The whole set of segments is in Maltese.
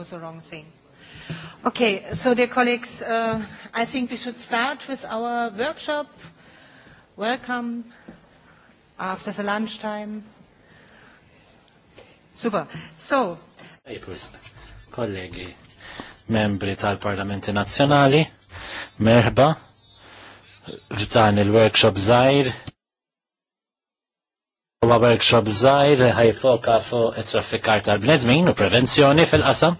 was the wrong thing. Okay, so dear colleagues, uh, I think we should start with our workshop. Welcome after the lunchtime. Super. So. Kollegi, membri tal-Parlamenti Nazzjonali, merħba, f'dan il-workshop zaħir. Huwa workshop zaħir ħajfoka fuq it-traffikar tal-bnedmin u prevenzjoni fil-qasam.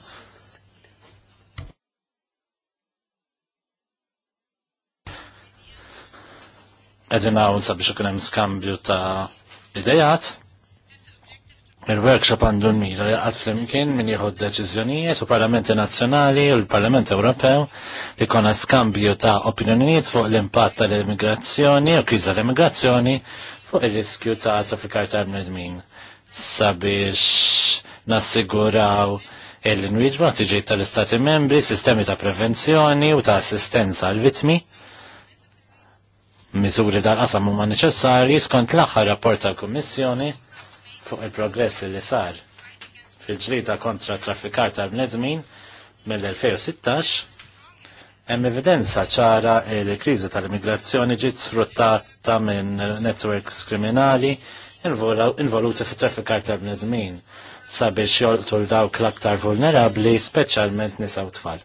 għedina għawn sabiex ikun hemm skambju ta' idejat. Il-workshop għandu l-mira jaqat fl-imkien minn jħod deċiżjonijiet u parlamenti nazzjonali u l-Parlament Ewropew li kona skambju ta' opinjonijiet fuq l-impatt tal-immigrazzjoni u kriża l-immigrazzjoni fuq il-riskju ta' trafikar ta' bnedmin sabiex nassiguraw il-inwiġba tiġi tal-Istati membri, sistemi ta' prevenzjoni u ta' assistenza għal-vitmi miżuri tal-qasam huma neċessarji skont l-aħħar rapport tal-Kummissjoni fuq il-progressi li sar fil-ġlida kontra traffikar tal-bnedmin mill-2016 hemm evidenza ċara li kriżi tal-immigrazzjoni ġiet sfruttata minn networks kriminali involuti fi traffikar tal-bnedmin sabiex jolqtu l-dawk l-aktar vulnerabli, speċjalment nisa u tfal.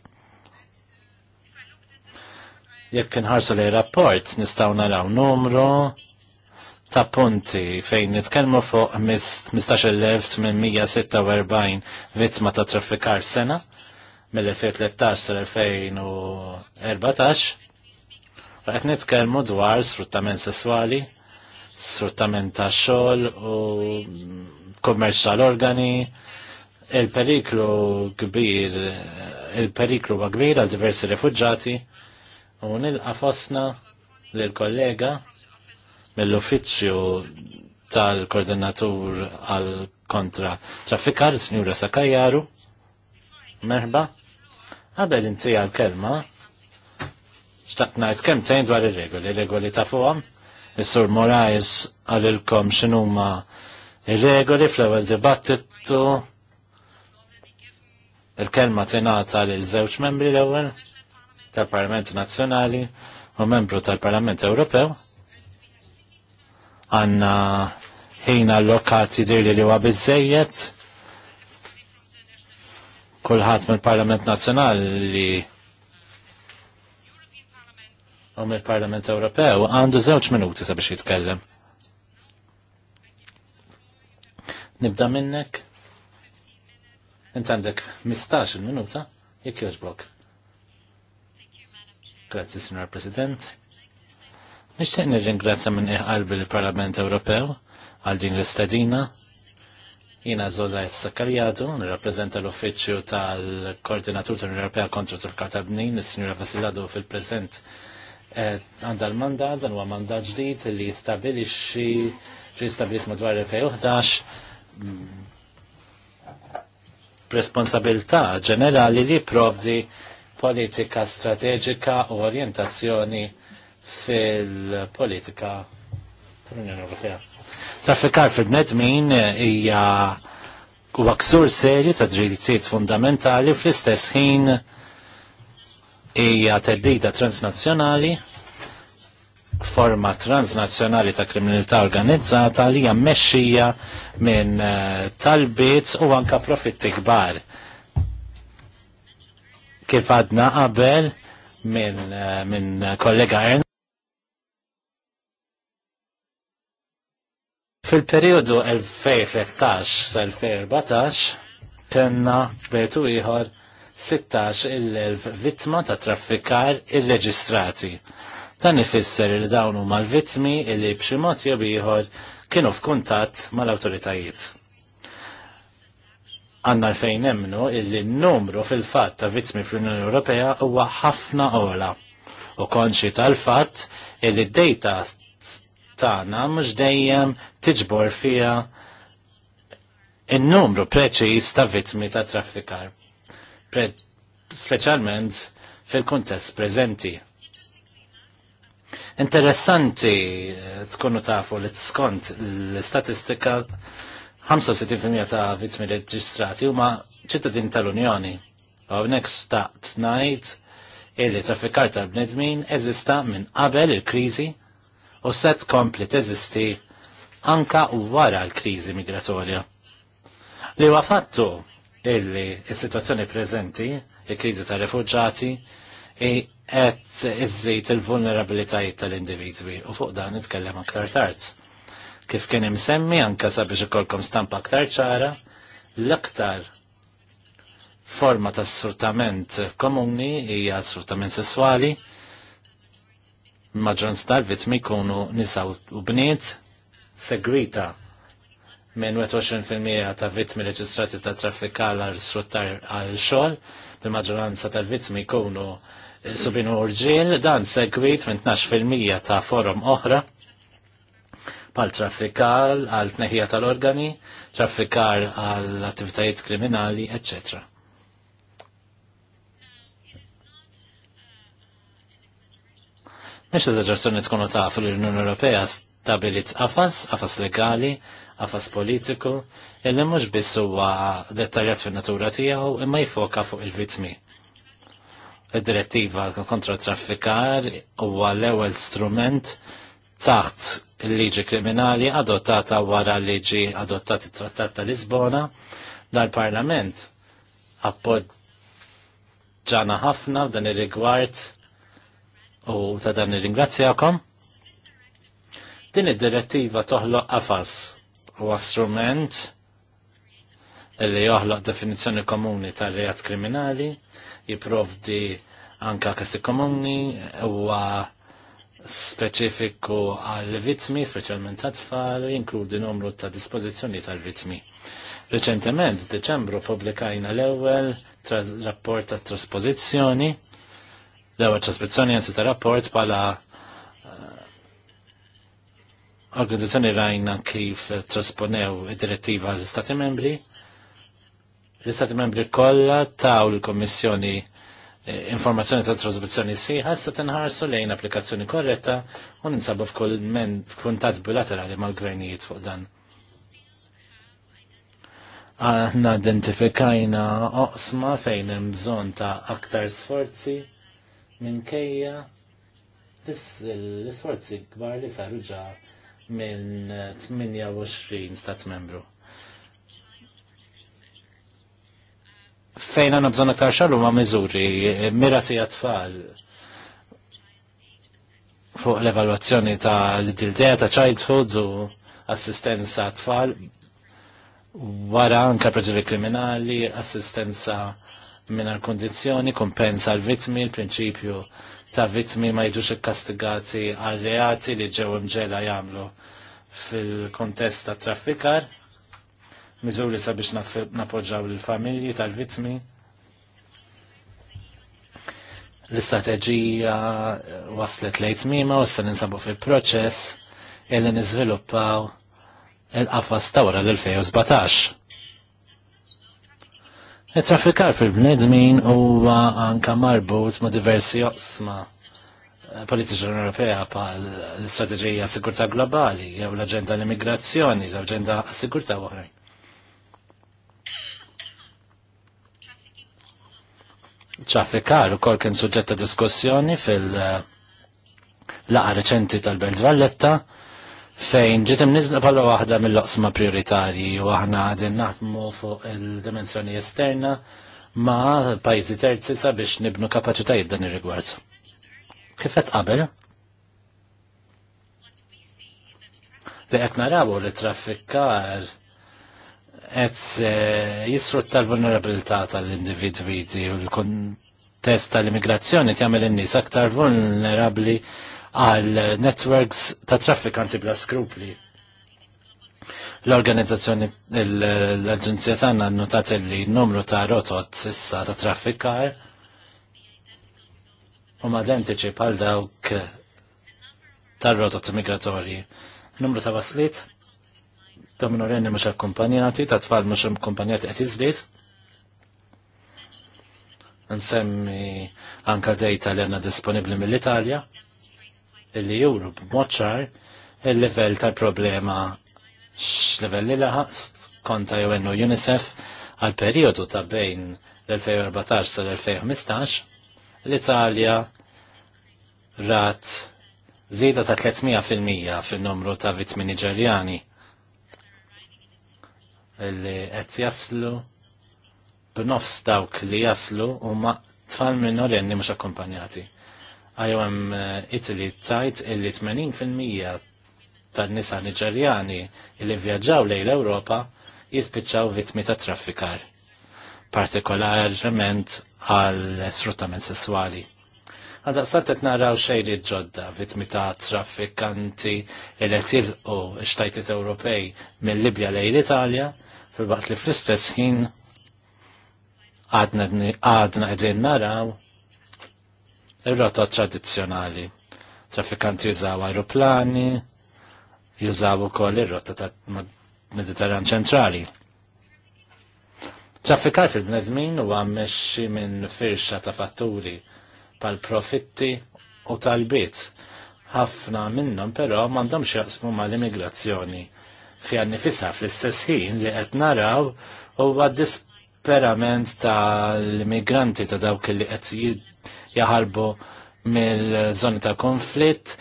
Jekk inħarsu li rapport nistgħu naraw numru ta' punti fejn nitkellmu fuq 15.846 vittma ta' traffikar sena mill-2013 sal-2014 Għet nitkellmu dwar sfruttament sessuali, sfruttament ta' xol u kommerċjal organi, il-periklu kbir, il-periklu kbir għal diversi rifugġati, U nilqa fosna l-kollega mill-uffiċċju tal-koordinatur għal kontra traffikar, s-njura Sakajaru. Merba, għabel inti għal-kelma, xtaqt kem tejn dwar ir-regoli, regoli ta' fuqhom. Is-Sur għal-ilkom x'inhuma ir-regoli fl-ewwel dibattitu il-kelma tingħata lil żewġ membri l-ewwel tal-Parlament Nazzjonali u membru tal-Parlament Ewropew għanna ħin allokat dirli li huwa biżejjed kulħadd mill-Parlament Nazzjonali u mill-Parlament Ewropew għandu żewġ minuti sabiex jitkellem. Nibda minnek. Intendek mistax 15 minuta, jekk jogħġbok. Grazzi, Signor President. Nishtiq nirringrazzja minn iħal l-Parlament Ewropew għal din l-istadina. Jina Zola Sakkarjadu, nirrappreżenta l-Uffiċċju tal-Koordinatur tal-Ewropea kontra Turka ta' Bnin, is signora Vasiladu fil-preżent eh, għandha l-mandat, dan huwa mandat ġdid li jistabilixxi ġi stabilit madwar 2011 mm, responsabilità ġenerali li provdi politika strateġika u orientazzjoni fil-politika tal-Unjoni Ewropea. Traffikar fil nedmin hija huwa ksur serju ta' drittijiet fundamentali fl-istess ħin hija teddida transnazzjonali forma transnazzjonali ta' kriminalità organizzata li hija mmexxija minn eh, talbiet u anka profitti kbar kif għadna qabel minn eh, min kollega Ern. Fil-periodu 2013-2014 kena betu ieħor 16 il-1000 vittma ta' traffikar il-reġistrati. Dan ifisser li dawn huma l-vittmi li b'xi mod ieħor kienu f'kuntatt mal-awtoritajiet għanna fejn emnu illi n-numru fil-fat ta' vittmi fl-Unjoni Ewropea huwa ħafna ola. U konxi tal-fat illi d-dejta tagħna mhux dejjem tiġbor fija in-numru preċiż ta' vittmi ta' traffikar. Pre Speċjalment fil-kuntest preżenti. Interessanti eh, tkunu tafu li skont l-istatistika 65% ta' vittmi reġistrati huma ċittadini tal-Unjoni. Hawnhekk staqt ngħid illi traffikar tal-bnedmin eżista minn qabel il-kriżi u set kompli teżisti anka wara l-kriżi migratorja. Li huwa fattu illi s-sitwazzjoni preżenti, il-kriżi tar-refuġġati, qed iżżid il-vulnerabilitajiet tal-individwi u fuq dan nitkellem aktar tard. Kif kien imsemmi anka sabiex ikolkom stampa aktar ċara, l-aktar forma ta' sfruttament komuni hija sfruttament sessuali, maġġoranza tal-vittmi jkunu nisa u bniet segwita minn 21% ta' vittmi reġistrati ta' traffikal għal sfruttar għal xogħol, bil-maġġoranza tal-vittmi jkunu eh, subinu urġiel, dan segwit minn 12% ta' forum oħra pal traffikar għal tneħija tal-organi, traffikar għal attivitajiet kriminali, etc. Mhix eżaġazzjoni tkunu taf l-Unjoni Ewropea stabilit qafas, qafas legali, qafas politiku, illi mhux biss huwa dettaljat fin-natura tiegħu imma jfoka fuq il-vitmi. Id-direttiva kontra traffikar huwa l-ewwel strument taħt il-liġi kriminali adottata wara l-liġi adottat it-Trattat ta' Lisbona dal-Parlament ġana ħafna f'dan ir-rigward u ta' dan ir-ringrazzjakom. Din id-direttiva toħloq qafas huwa strument li joħloq definizzjoni komuni tal rejat kriminali, jiprovdi anka kasti komuni, huwa speċifiku għal vitmi, speċjalment tat tfal, jinkludi numru ta' dispożizzjoni tal-vitmi. Reċentement, Deċembru publikajna l-ewwel rapport ta' trasposizzjoni, l-ewwel trasposizzjoni għansi ta' rapport bħala eh, organizzazzjoni rajna kif trasponew id-direttiva l istati membri. L-Istati membri kollha taw l-Kommissjoni informazzjoni ta' trasbizzjoni sħiħa se tinħarsu lejn applikazzjoni korretta u ninsabu f'kull men f'kuntat bilaterali mal-gvernijiet fuq dan. Aħna identifikajna oqsma fejn hemm bżonn ta' aktar sforzi kejja l-isforzi kbar li saru ġa minn 28 stat membru. fejn għanna bżon aktar xallu ma' miżuri mirati għatfall fuq l-evaluazzjoni ta' l-dildea ta' childhood u assistenza tfal wara anka preġuri kriminali, assistenza minna l kondizjoni kompensa l vitmi l-prinċipju ta' vitmi ma jġux ikkastigati għal-reati li ġew imġela jamlu fil-kontest ta' traffikar miżuri sabiex napoġġaw il-familji tal-vittmi l-istrateġija waslet lejt mima u s ninsabu fil proċess illi nizviluppaw il-qafas tawra l-2017. Il-traffikar fil-bnedmin huwa anka marbut ma' diversi osma politiċi Ewropea pal l-istrateġija sigurta globali jew l-aġenda l-immigrazzjoni, l-aġenda sigurta oħrajn. ċaffikar u kol kien suġġetta diskussjoni fil-laqa eh, reċenti tal-Belt Valletta fejn ġiet imniżla bħala waħda mill-oqsma prioritarji u aħna għadin naħdmu fuq il-dimensjoni esterna ma' pajjiżi terzi sabiex nibnu kapaċitajiet dan ir-rigward. Kif qed qabel? Li qed narawu li traffikar qed eh, jisfrutta l-vulnerabilità tal-individwi u l-kontest tal-immigrazzjoni tjagħmel in-nies aktar vulnerabbli għal networks ta' traffikanti bla skrupli. L-organizzazzjoni l-Aġenzija tagħna nnotat li n-numru ta' rotot issa ta' traffikar huma identiċi bħal dawk tar-rotot migratorji. Numru ta' waslit? ta' minorenni mhux akkumpanjati, ta' tfal mhux akkompanjati qed izdit. Nsemmi anka dejta li għandna disponibbli mill-Italja illi juru b-moċar il-livell tal-problema x-level li laħaq konta jew ennu UNICEF għal periodu ta' bejn l-2014 sal-2015 l-Italja rat zida ta' 300% fil-numru ta' vittmi Niġerjani li qed jaslu b'nofs dawk li jaslu huma tfal minorenni mhux akkumpanjati. IOM eh, Italy tajt illi 80% tan-nisa Niġerjani li vjaġġaw lejn l-Ewropa jispiċċaw vittmi ta' traffikar, partikolarment għal sfruttament sessuali s sattet naraw xejri ġodda vitmi ta' traffikanti il-etil u xtajtit Ewropej mill-Libja lej l-Italja fil-waqt li fl-istess ħin għadna għedin naraw ir-rotot tradizzjonali. Traffikanti jużaw aeroplani, jużaw ukoll ir-rotta ta' mediterran ċentrali. Traffikar fil-bnedmin u għammesċi minn firxa ta' fatturi tal-profitti u tal-bit. Ħafna minnhom però m'għandhomx jaqsmu mal-immigrazzjoni. Fi nifisha fl-istess ħin li qed naraw huwa disperament tal-immigranti ta' dawk li qed jaħarbu mill-żoni ta' konflitt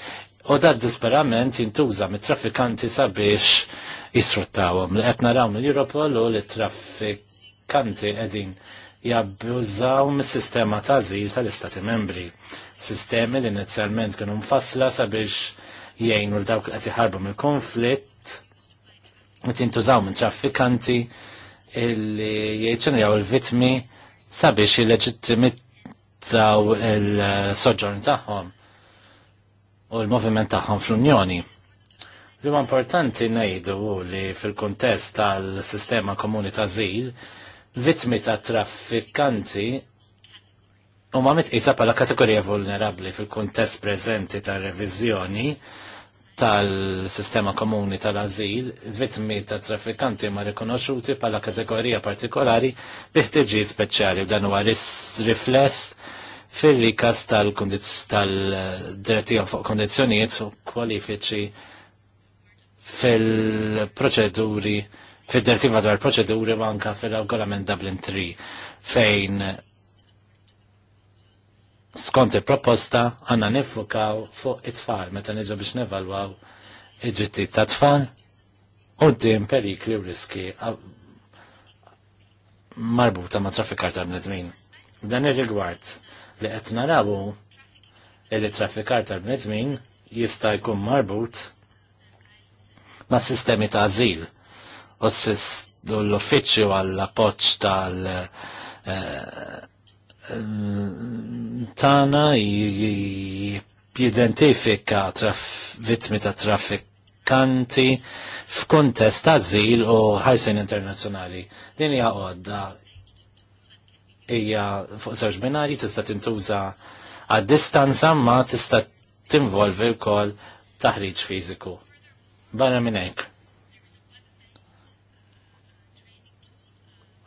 u da' disperament jintuża mit-traffikanti sabiex jisruttawhom li qed naraw mill-Europol u li traffikanti qegħdin jabbużaw mis-sistema ta' żil tal-Istati membri. Sistemi li inizjalment kienu mfassla sabiex jgħinu l-dawk li qed iħarbu mill-konflitt u tintużaw minn traffikanti illi jgħidxinjaw il-vitmi sabiex jilleġittimizzaw il-soġġorn tagħhom u l-moviment tagħhom fl-Unjoni. L-importanti ngħidu li fil-kuntest tal-sistema komuni ta' żil vittmi ta' traffikanti huma mitqisa bħala kategorija vulnerabbli fil-kuntest preżenti tar-reviżjoni tal-sistema komuni tal-azil, vittmi ta' traffikanti ma' rikonoxuti bħala kategorija partikolari biħtiġi speċjali u dan huwa rifless fil-rikas tal tal fuq kondizjoniet u kwalifiċi fil-proċeduri fil-direttiva dwar proċeduri ma anka fil-regolament Dublin 3 fejn skont il-proposta għanna nifukaw fuq it-tfal meta niġu biex nevalwaw id-drittijiet ta' tfal u d-dim perikli u riski marbuta ma' traffikar ta' bnedmin. Dan ir-rigward li qed narawu li traffikar ta' bnedmin jista' jkun marbut ma' sistemi ta' azil ossis l-uffiċċju għall-appoġġ tal- eh, tana jidentifika vittmi ta' traffikanti f'kuntest ta' zil u ħajsin internazzjonali. Din hija għodda hija fuq żewġ binari tista' tintuża għad distanza ma tista' tinvolvi wkoll taħriġ fiżiku. Barra minn hekk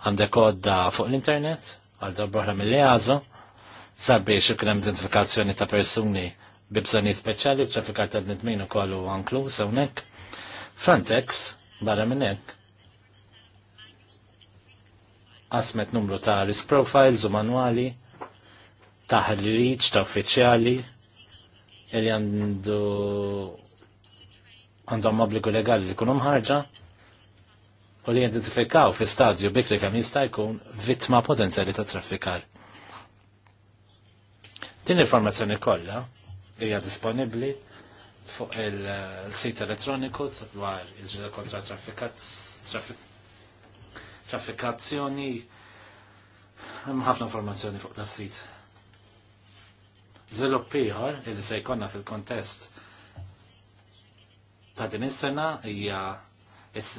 għandek għodda fuq l-internet, għal darbohra mill-leazo, sabiex ikun hemm identifikazzjoni ta' persuni bi speċali, speċjali traffikar ta' bnedmin ukoll u għanklu, hawnhekk. Frontex barra minn hekk numru ta' risk profiles u manwali ta' ħriġ ta' uffiċjali li għandu għandhom obbligu legali li kunu mħarġa u li jidentifikaw fi stadju bikri kemm jista' jkun vittma potenzjali ta' traffikar. Din informazzjoni kollha hija disponibbli fuq il-sit elettroniku dwar il-ġida kontra traffikazzjoni hemm ħafna informazzjoni fuq tas sit Żvilupp ieħor li se jkollna fil-kontest ta' din is-sena hija is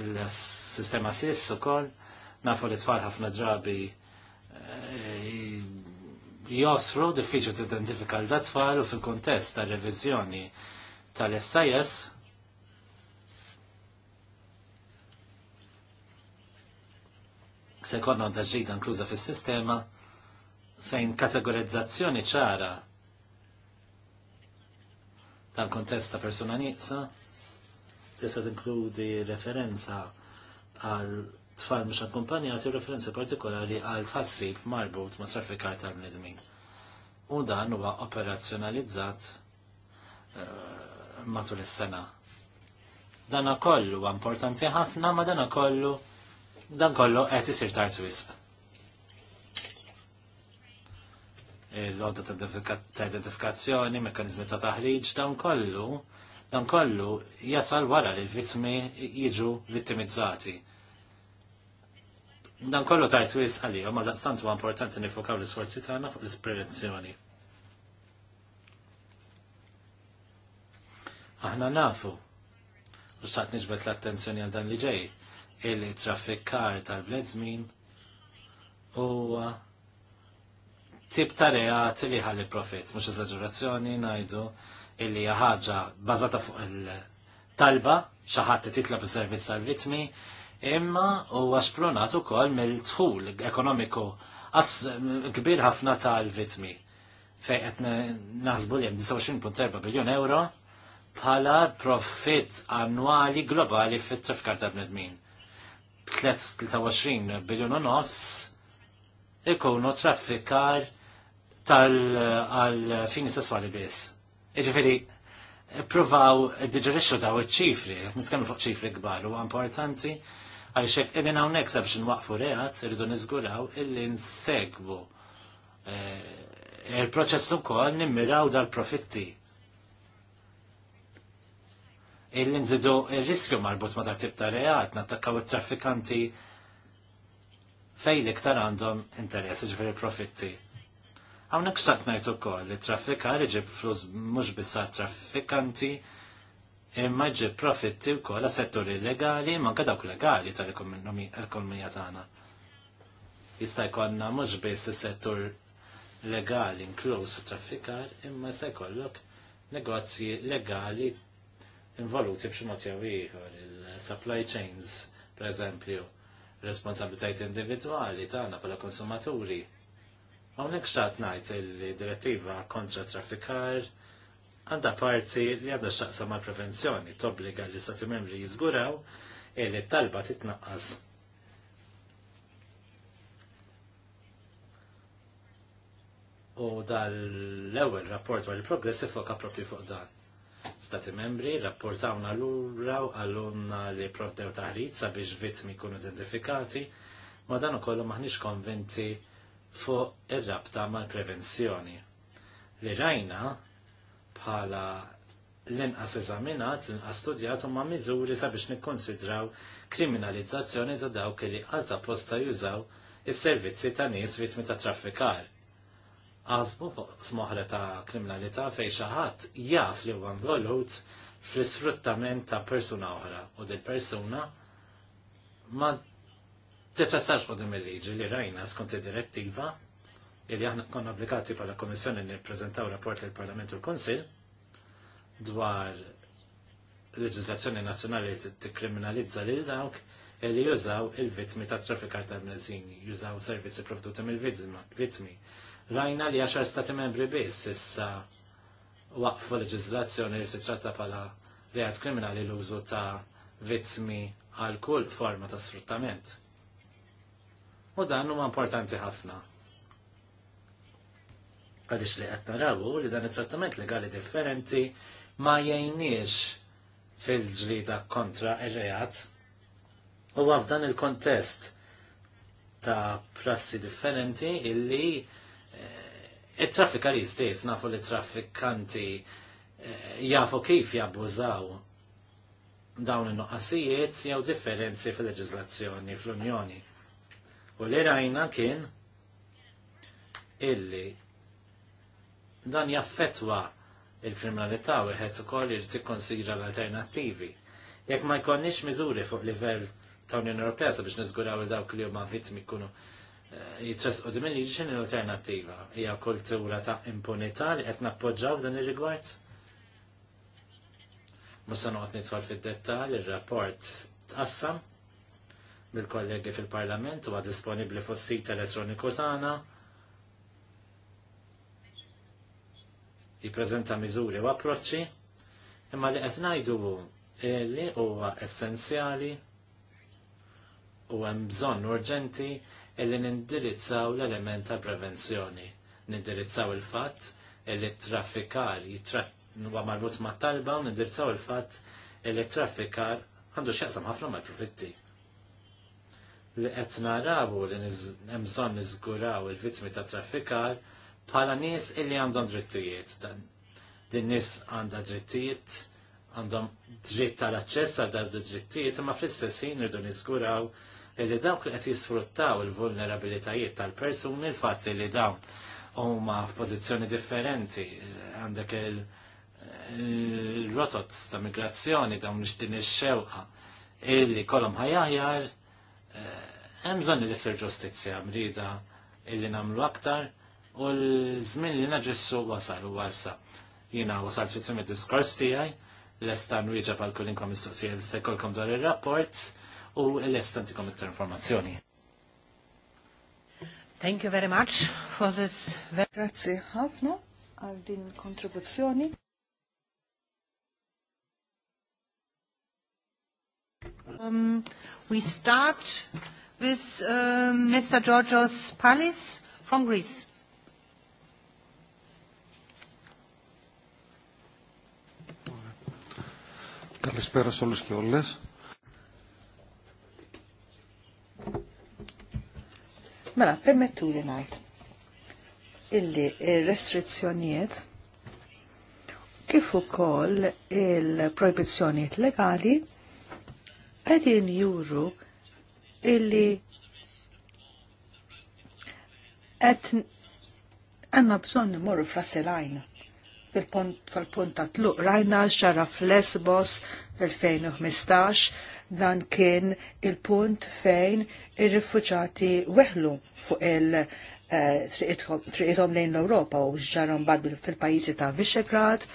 sistema sis u kol, nafu li tfal ħafna drabi eh, josfru diffiċu t-identifika l-tfal u fil-kontest tal-revizjoni tal-SIS se konna ta' ġdida inkluża fis-sistema fejn kategorizzazzjoni ċara tal-kontest ta' persuna nieqsa tista' tinkludi referenza għal tfal mhux akkumpanjati u referenzi partikolari għal tħassib marbut ma' traffikar tal-bnedmin. U dan huwa operazzjonalizzat eh, matul is-sena. Dan kollu importanti ħafna, ma dan kollu dan kollu qed isir tard wisq. l ta' identifikazzjoni, mekkanizmi ta' taħriġ, dan kollu, dan kollu jasal wara li l-vittmi jiġu vittimizzati. Dan kollu tajt wis għalija, ma daqstant huwa importanti nifokaw l-isforzi tagħna fuq l isprevenzjoni Aħna nafu, u xtaqt nġbet l-attenzjoni għal dan li ġej, illi traffikkar tal bledżmin u tip ta' reati li ħalli profit, mux eżagġurazzjoni najdu illi ħaġa bazata fuq il-talba, xaħat titla b-servizz tal-vitmi, imma huwa spronat ukoll mill-tħul ekonomiku għas kbir ħafna tal-vitmi fej qed naħsbu li 29.4 biljun euro bħala profitt annwali globali fit-traffikar ta' bnedmin. 23 biljun u nofs ikunu traffikar tal-fini sessuali biss. Iġifiri, provaw diġerixxu daw iċ-ċifri, nitkellmu fuq ċifri kbar, u importanti għaxek edin għawnek sabx nwaqfu reħat, rridu nizgulaw illi nsegbu. Eh, il-proċess ukoll nimmiraw dal-profitti. Illi nżidu il-riskju marbut ma dak tip ta' reħat, nattakaw il-traffikanti fejn iktar għandhom interess ġifir il-profitti. Għawnek xtaqt najtu ukoll, il-traffikar iġib flus mux bissa traffikanti, traffikanti imma ġi profitti wkoll kolla setturi legali manka dawk legali tal-ekonomija tagħna. Jista' jkollna mhux biss is-settur legali inkluż traffikar imma se jkollok negozji legali involuti b'xi mod jew ieħor il-supply chains pereżempju responsabilitajt individwali tagħna bħala konsumaturi. Hawnhekk x'att ngħid il-direttiva kontra traffikar għandha parti li għadda xaqsa ma' prevenzjoni tobbliga li stati membri jizguraw e li talba titnaqqas. U dal-ewwel rapport għal progressi progress propju fuq dan. Stati membri rapportawna l-ura għallunna li provdew taħrit sabiex vittmi jkunu identifikati, ma dan ukoll maħniex konventi fuq ir-rabta mal-prevenzjoni. Li rajna bħala l-inqas eżaminat, l-inqas studjat huma miżuri sabiex nikkonsidraw kriminalizzazzjoni ta' dawk li għalta posta jużaw is-servizzi ta' nies vittmi ta' traffikar. Għazbu smoħra ta' kriminalità fejn xi ħadd jaf li huwa involut fl-isfruttament ta' persuna oħra u dil persuna ma t-tessax għodim il-liġi li rajna skont id-direttiva Illi aħna konna obbligati bħala Komissjoni nippreżentaw rapport lill parlament u l-Konsil dwar leġislazzjoni nazzjonali li tikkriminalizza lil dawk li jużaw il-vittmi ta' traffikar ta' mnezin, jużaw servizzi provduti mill-vittmi. Rajna li 10 stati membri biss issa waqfu leġislazzjoni li titratta bħala reat kriminali l-użu ta' vittmi għal kull forma ta' sfruttament. U dan huma importanti ħafna għalis li qed naraw li dan it-trattament legali differenti ma jgħinniex fil-ġlida kontra ir-reat. U f'dan il-kontest ta' prassi differenti illi eh, il-traffikari jistiet nafu li traffikanti eh, jafu kif jabbużaw dawn il noqqasijiet jew differenzi fil-leġiżlazzjoni fl-Unjoni. U li rajna kien illi Dan jaffetwa il-kriminalità u jħed ukoll irid tikkonsidra l-alternattivi. Jekk ma jkollniex miżuri fuq livell ta' Unjoni Ewropea sabiex niżguraw il dawk li huma vittmi jkunu eh, jitresqu dimin li ġiġin l-alternattiva. Hija kultura ta' impunità li qed nappoġġaw dan ir-rigward. Musa noqgħod nidħol fid-dettall ir-rapport tqassam mill-kollegi fil-Parlament huwa disponibbli fuq sit elettroniku tagħna. jippreżenta miżuri u approċċi, imma li qed ngħidu li huwa essenzjali u hemm bżonn urġenti illi nindirizzaw l-element ta' prevenzjoni. Nindirizzaw il-fatt illi traffikar huwa marbut ma' talba u nindirizzaw il-fatt illi traffikar għandu x'jaqsam ħafna mal-profitti. Li qed narabu li hemm bżonn niżguraw il-vittmi ta' traffikar bħala nies illi għandhom drittijiet. Dan din nies għandha drittijiet, għandhom dritt tal-aċċess għal dawn id-drittijiet, imma fl-istess ħin irdu niżguraw illi dawk li qed jisfruttaw il-vulnerabilitajiet tal-persuni il fatt li dawn huma f'pożizzjoni differenti għandek il- rotot ta' migrazzjoni dawn din ix-xewqa illi kolom ħajjar eh, hemm bżonn li jsir ġustizzja mrida illi nagħmlu aktar u l-żmien li naġessu wasal u wasa. Jina wasal fit summit diskors tijaj, l-estan u wieġa pal kullinkom mistoqsija li sekkolkom dwar il rapport u l-estan tikom kom informazzjoni. Thank you very much for this. very... Grazie ħafna għal din kontribuzzjoni. Um, we start with um, Mr. Georgios Pallis from Greece. Καλησπέρα σε όλους και όλες. Mela, permettu li najt illi restrizzjonijiet kif ukoll il-proibizzjonijiet legali qegħdin juru illi qed għandna bżonn imorru fraselajna fil-punt ta' tluq rajna xara f'Lesbos 2015 dan kien il-punt fejn ir-rifuġati weħlu fuq il- eh, triqithom lejn l-Europa u ġarom bad fil-pajizi ta' Visegrad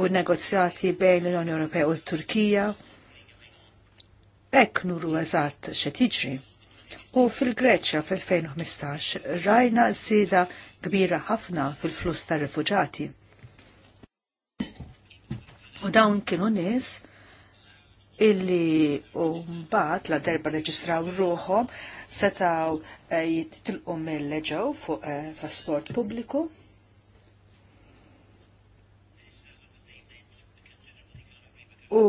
u negozjati bejn l-Unjoni Ewropea u t-Turkija. Ek nuru eżatt xe U fil-Greċja fil-2015 rajna zida kbira ħafna fil-flus ta' rifuġati. U dawn kienu nies illi u mbagħad la darba reġistraw ruħhom setaw eh, jitilqu mill leġaw fuq eh, trasport pubbliku. U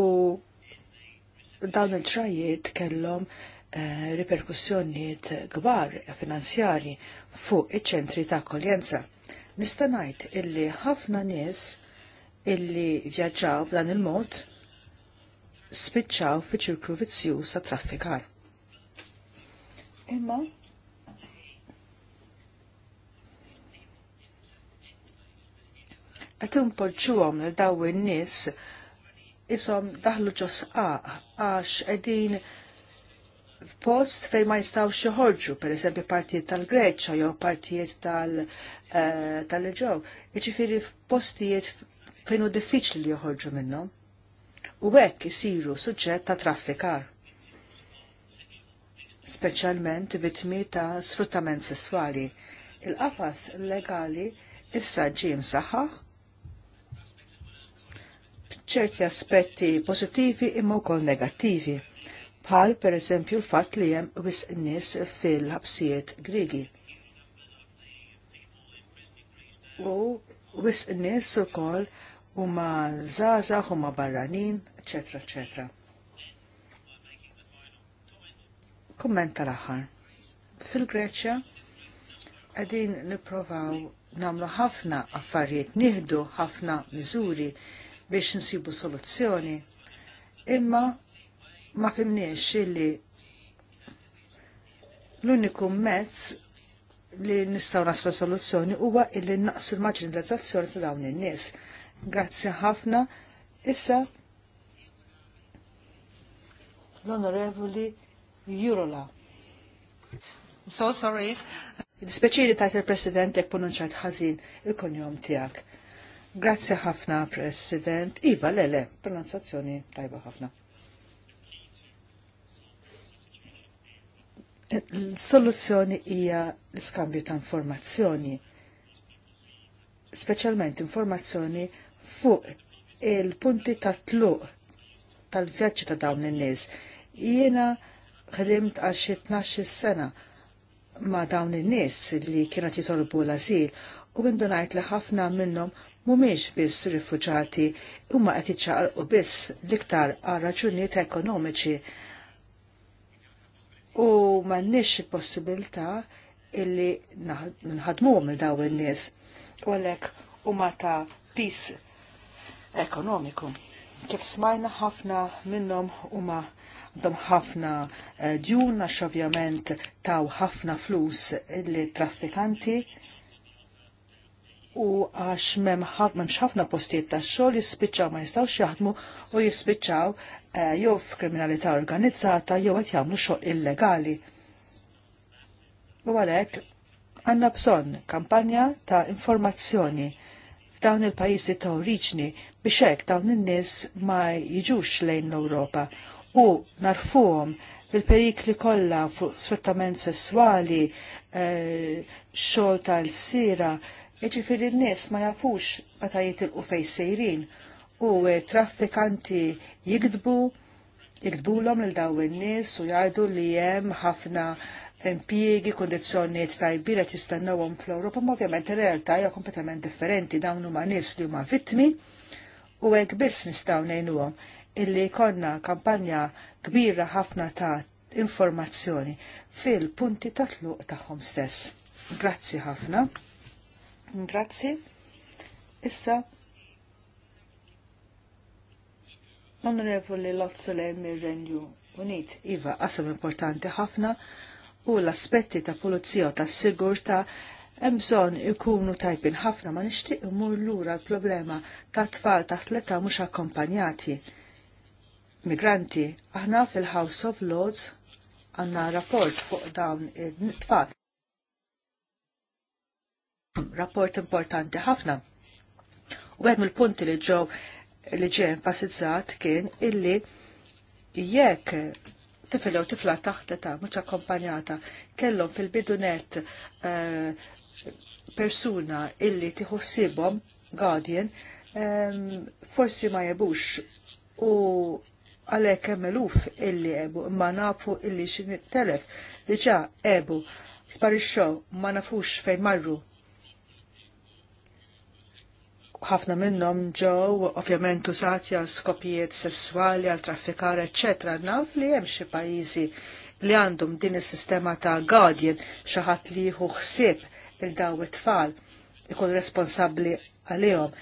dawn il-ġrajiet kellhom eh, riperkussjonijiet kbar finanzjari fuq iċ-ċentri ta' akkoljenza. Nista' ngħid illi ħafna nies illi vjaġġaw b'dan il-mod spiċċaw fi ċirkru vizzjuż ta' traffikar. Imma qed impoġġuhom lil daw in-nies ishom daħlu ġosqaq għax qegħdin post fejn ma jistgħux joħorġu, pereżempju partijiet tal-Greċċa jew partijiet tal eġew eh, Tal Iġifieri f'postijiet fejn hu diffiċli li joħorġu minnhom. U hekk isiru suġġett ta' traffikar. Speċjalment vittmi ta' sfruttament sesswali. Il-qafas legali issa ġie msaħħaħ ċerti aspetti pożittivi imma wkoll negattivi bħal per eżempju l-fatt li hemm wis nies fil-ħabsijiet Grigi. U wis nies ukoll huma żgħażagħ, huma barranin, eċetera, eċetera. Kumment tal-aħħar. Fil-Greċja qegħdin nipprovaw nagħmlu ħafna affarijiet, nieħdu ħafna miżuri biex nsibu soluzzjoni. Imma ma fimniex li l-uniku mezz li nistaw naslu soluzzjoni huwa illi naqsu l-marġinalizzazzjoni ta' dawn in-nies. Grazzi ħafna. Issa l-Onorevoli Jurola. So sorry. Dispeċiri tajt il-President jek pronunċat ħazin il-konjom tijak. Grazzi ħafna, President. Iva, lele, pronunzazzjoni tajba ħafna. L-soluzzjoni hija l-iskambju ta' informazzjoni, speċjalment informazzjoni fuq il-punti ta' tluq tal-vjaġġi ta' dawn in-nies. Jiena ħdimt għal xi 12 sena ma' dawn in-nies li kienet jitolbu l-azil u indunajt li ħafna minnhom mumiex biss rifuġati huma qed jiċċaqalqu biss l-iktar għal raġunijiet ekonomiċi u m'għandniex il-possibilità illi nħadmuhom il daw in-nies. U għalhekk huma ta' pis ekonomiku. Kif smajna ħafna minnhom huma għandhom ħafna eh, djun għax ovvjament taw ħafna flus li traffikanti u għax memx ħafna postijiet ta' xogħol jispiċċaw ma jistgħux jaħdmu u jispiċċaw eh, jew f'kriminalità organizzata jew qed jagħmlu xogħol illegali. U għalhekk għandna bżonn kampanja ta' informazzjoni f'dawn il-pajjiżi ta' oriġni biex hekk dawn in-nies ma jiġux lejn l-Ewropa u narfuhom il-perikli kollha fuq sfruttament sessuali, eh, xogħol tal-sira, jiġifieri n-nies ma jafux meta jitilqu fejn sejrin u traffikanti jikdbu jikdbulhom lil dawn in-nies u jgħidu li hemm ħafna impjiegi, kondizjoniet tajbira qed jistennewhom fl europa ma ovvjament ir-realtà hija kompletament differenti dawn huma nies li huma vittmi u hekk biss nistgħu ngħinuhom illi konna kampanja kbira ħafna ta' informazzjoni fil-punti ta' tluq tagħhom stess. Grazzi ħafna. Grazzi. Issa Onorevoli Lotzole mir-Renju Unit, Iva, qasam importanti ħafna u l-aspetti ta' pulizija u ta' sigurta hemm bżonn ikunu tajbin ħafna ma nixtieq imur lura l-problema ta' tfal taħt l-età mhux akkompanjati. Migranti, aħna fil-House of Lords għandna rapport fuq dawn it-tfal. Rapport importanti ħafna. U għedm mill-punti li ġew li ġie enfasizzat kien illi jekk tifel jew tifla taħt ta' mhux akkompanjata kellhom fil-bidunet eh, persuna illi tiħossibhom guardian forsi ma jebux u għalek kemmeluf illi ebu, ma nafu illi xin telef, diġa ebu, sparixxew, ma nafux fejn marru, ħafna minnhom ġew ovvjament użati għal skopijiet sessuali, għal traffikar, eċetera. Naf li hemm xi pajjiżi li għandhom din is-sistema ta' guardian xi ħadd li jieħu ħsieb il daw it-tfal ikun responsabbli għalihom.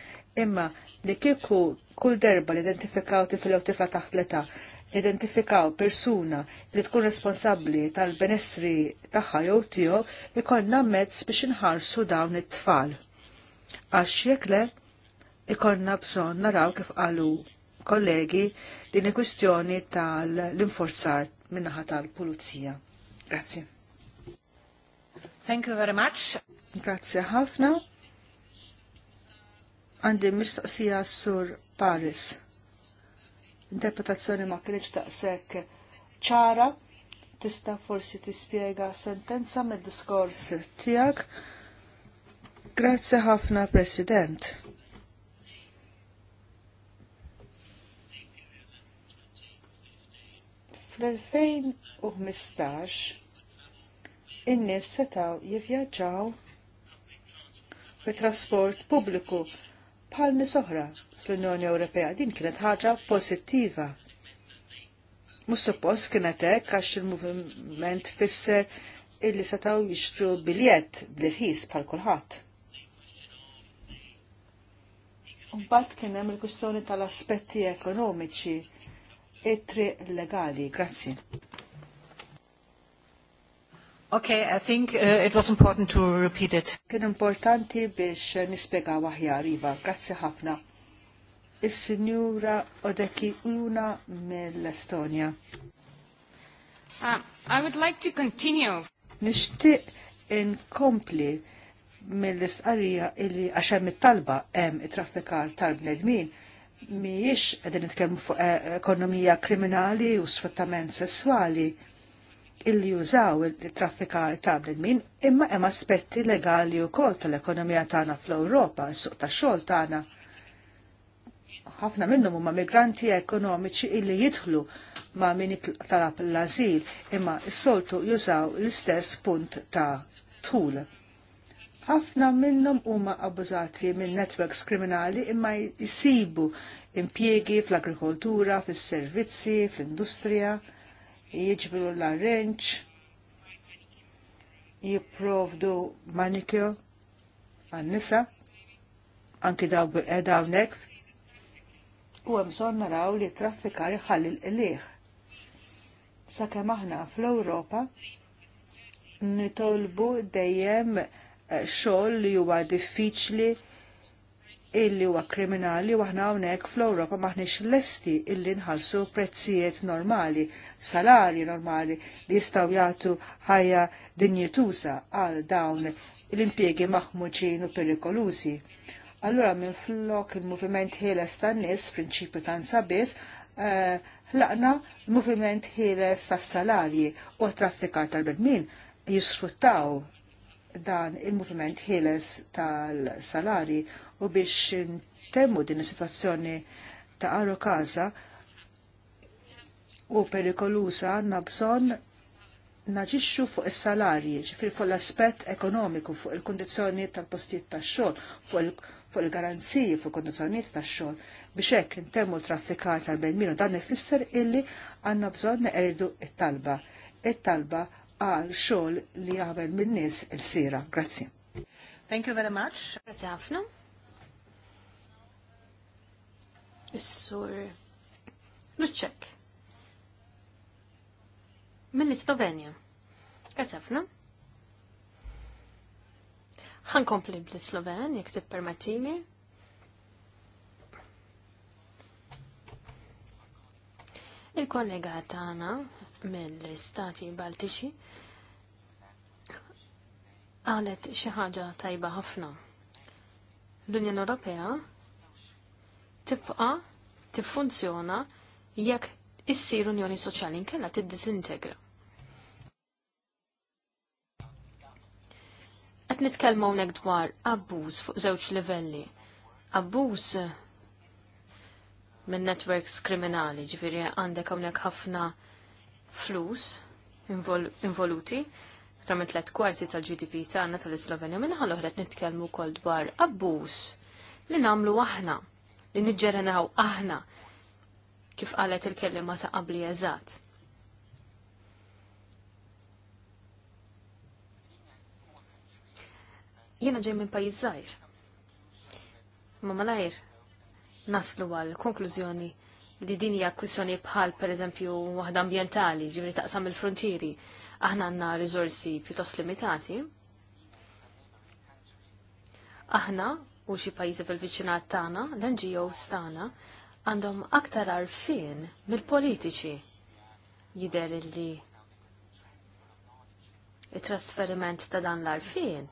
Imma li kieku kull derba li identifikaw tifla u tifla taħt l-età identifikaw persuna li tkun responsabbli tal benestri tagħha jew tiegħu ikollna mezz biex inħarsu dawn it-tfal. Għax jekk le, ikonna bżon naraw kif qalu kollegi din il-kwistjoni tal-inforzar minnaħa tal-pulizija. Grazzi. Thank you very much. Grazzi ħafna. Għandi mistoqsija sur Paris. Interpretazzjoni ma kienx taqsek ċara tista' forsi tispjega sentenza mid-diskors tiegħek. Grazzi ħafna, President. Fl-2015 in-nies setaw jivvjaġġaw fi trasport pubbliku bħal nies oħra fl-Unjoni Ewropea. Din kienet ħaġa pożittiva. Mhux suppost kienet hekk għax il-moviment fisser illi setaw jixtru biljett bl-irħis bħal kulħadd. Mbagħad kien hemm il-kwistjoni tal-aspetti ekonomiċi etri legali. Grazie. Okay, I think uh, it was important to repeat it. Kien importanti biex nispjega waħja riva. Grazzi ħafna. Is-Sinjura Odeki Una mill-Estonja. Uh, I would like to continue. Nixtieq inkompli mill-istqarrija illi għaxem it-talba hemm it-traffikar tal-bnedmin miex qegħdin nitkellmu fuq eh, ekonomija kriminali u sfruttament sessuali illi jużaw il-traffikar ta' bledmin, imma hemm aspetti legali u kol tal-ekonomija tagħna fl-Ewropa, s-suq tax-xogħol tagħna. Ħafna minnhom huma migranti ekonomiċi illi jidħlu ma' min talab l-azil, imma s-soltu jużaw l-istess punt ta' tul ħafna minnhom huma abbużati minn netwerks kriminali imma jisibu impjiegi fl-agrikoltura, fis-servizzi, fl-industrija, jiġbru l-arrenċ, jipprovdu manikjo għan-nisa, anki daw dawnek, u hemm bżonn naraw li traffikar ħalli l-qlieħ. Sakemm aħna fl-Ewropa nitolbu dejjem Eh, xogħol li huwa diffiċli illi huwa kriminali waħna hawnhekk fl-Ewropa maħniex lesti illi nħallsu prezzijiet normali, salarji normali li jistgħu jagħtu ħajja dinjetuża għal dawn l-impjegi maħmuġin u perikolużi. Allura minn flok il-moviment ħieles tan-nies prinċipju ta' nsabis, eh, ħlaqna l-moviment ħieles tas-salarji u traffikar tal-bedmin jisfruttaw dan il-movement ħieles tal-salari u biex temmu din is-sitwazzjoni ta' arro kaza u perikolusa għanna bżon naġixxu fuq is-salarji, ġifir fuq l-aspett ekonomiku, fuq il kondizjoni tal-postijiet tax-xogħol, fuq il-garanziji, fuq il-kondizjoni tax-xogħol biex hekk intemmu traffikar tal-bejn minu dan ifisser illi għandna bżonn neqerdu it-talba. It-talba għal xol li jagħmel minnis il-sira. Grazie. Thank you very much. Grazie għafna. Is-sur Luċċek. Mill-Slovenja. għafna. Għan kompli bl-Sloven, jek se tippermettini. Il-kollega tagħna mill istati Baltiċi għalet xi ħaġa tajba ħafna. L-Unjoni Ewropea tibqa tiffunzjona jekk issir Unjoni Soċjali nkella tiddisintegra. Qed nitkellmu hawnhekk dwar abbuż fuq żewġ livelli. Abbuż minn networks kriminali, ġifieri għandek hawnhekk ħafna flus invol involuti tramit tlet kwarti tal-GDP tagħna tal-Islovenja minħa l-oħra qed nitkellmu wkoll dwar abbuż li nagħmlu aħna li niġġerenaw aħna kif qalet il-kelliema ta' qabli eżatt. Jiena ġej minn pajjiż żgħir. Ma malajr naslu għal konklużjoni li din hija kwissjoni bħal pereżempju waħda ambjentali, ġifri taqsam il-frontieri. Aħna għandna riżorsi pjuttost limitati. Aħna u xi pajjiżi fil-viċinat tagħna, l-NGOs tagħna, għandhom aktar arfin mill-politiċi jider li it-trasferiment ta' dan l-arfin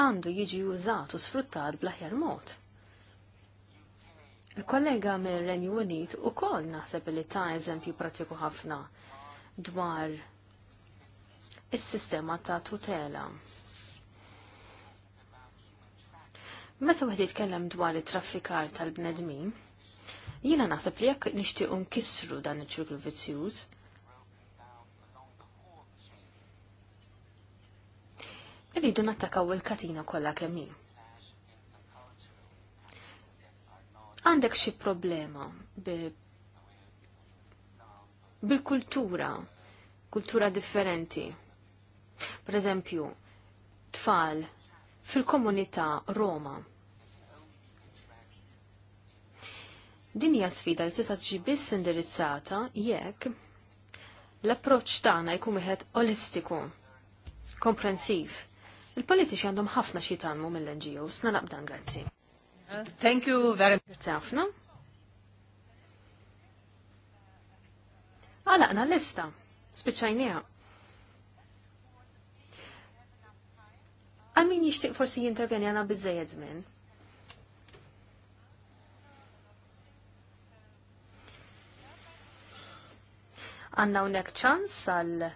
għandu jiġi użat u sfruttat bl-aħjar mod. Il-kollega minn Renju Unit u koll naħseb li ta' eżempju pratiku ħafna dwar is-sistema ta' tutela. Meta wieħed jitkellem dwar it-traffikar tal-bnedmin, jiena naħseb li jekk nixtiequ nkissru dan iċ-ċirklu vizzjuż, irridu nattakaw il-katina kollha kemm għandek xi problema bil-kultura, kultura differenti. Per eżempju, tfal fil-komunità Roma. Din hija sfida li tista' tiġi biss indirizzata jekk l-approċċ tagħna jkun wieħed olistiku, komprensiv. Il-politiċi għandhom ħafna xi tagħmlu mill-NGOs, nalaq dan grazzi. Thank you very much. Ħafna. Għalaqna lista. Spiċajnija. Għal min jixtieq forsi jintervjeni għana bizzejed zmin? Għanna unek ċans għal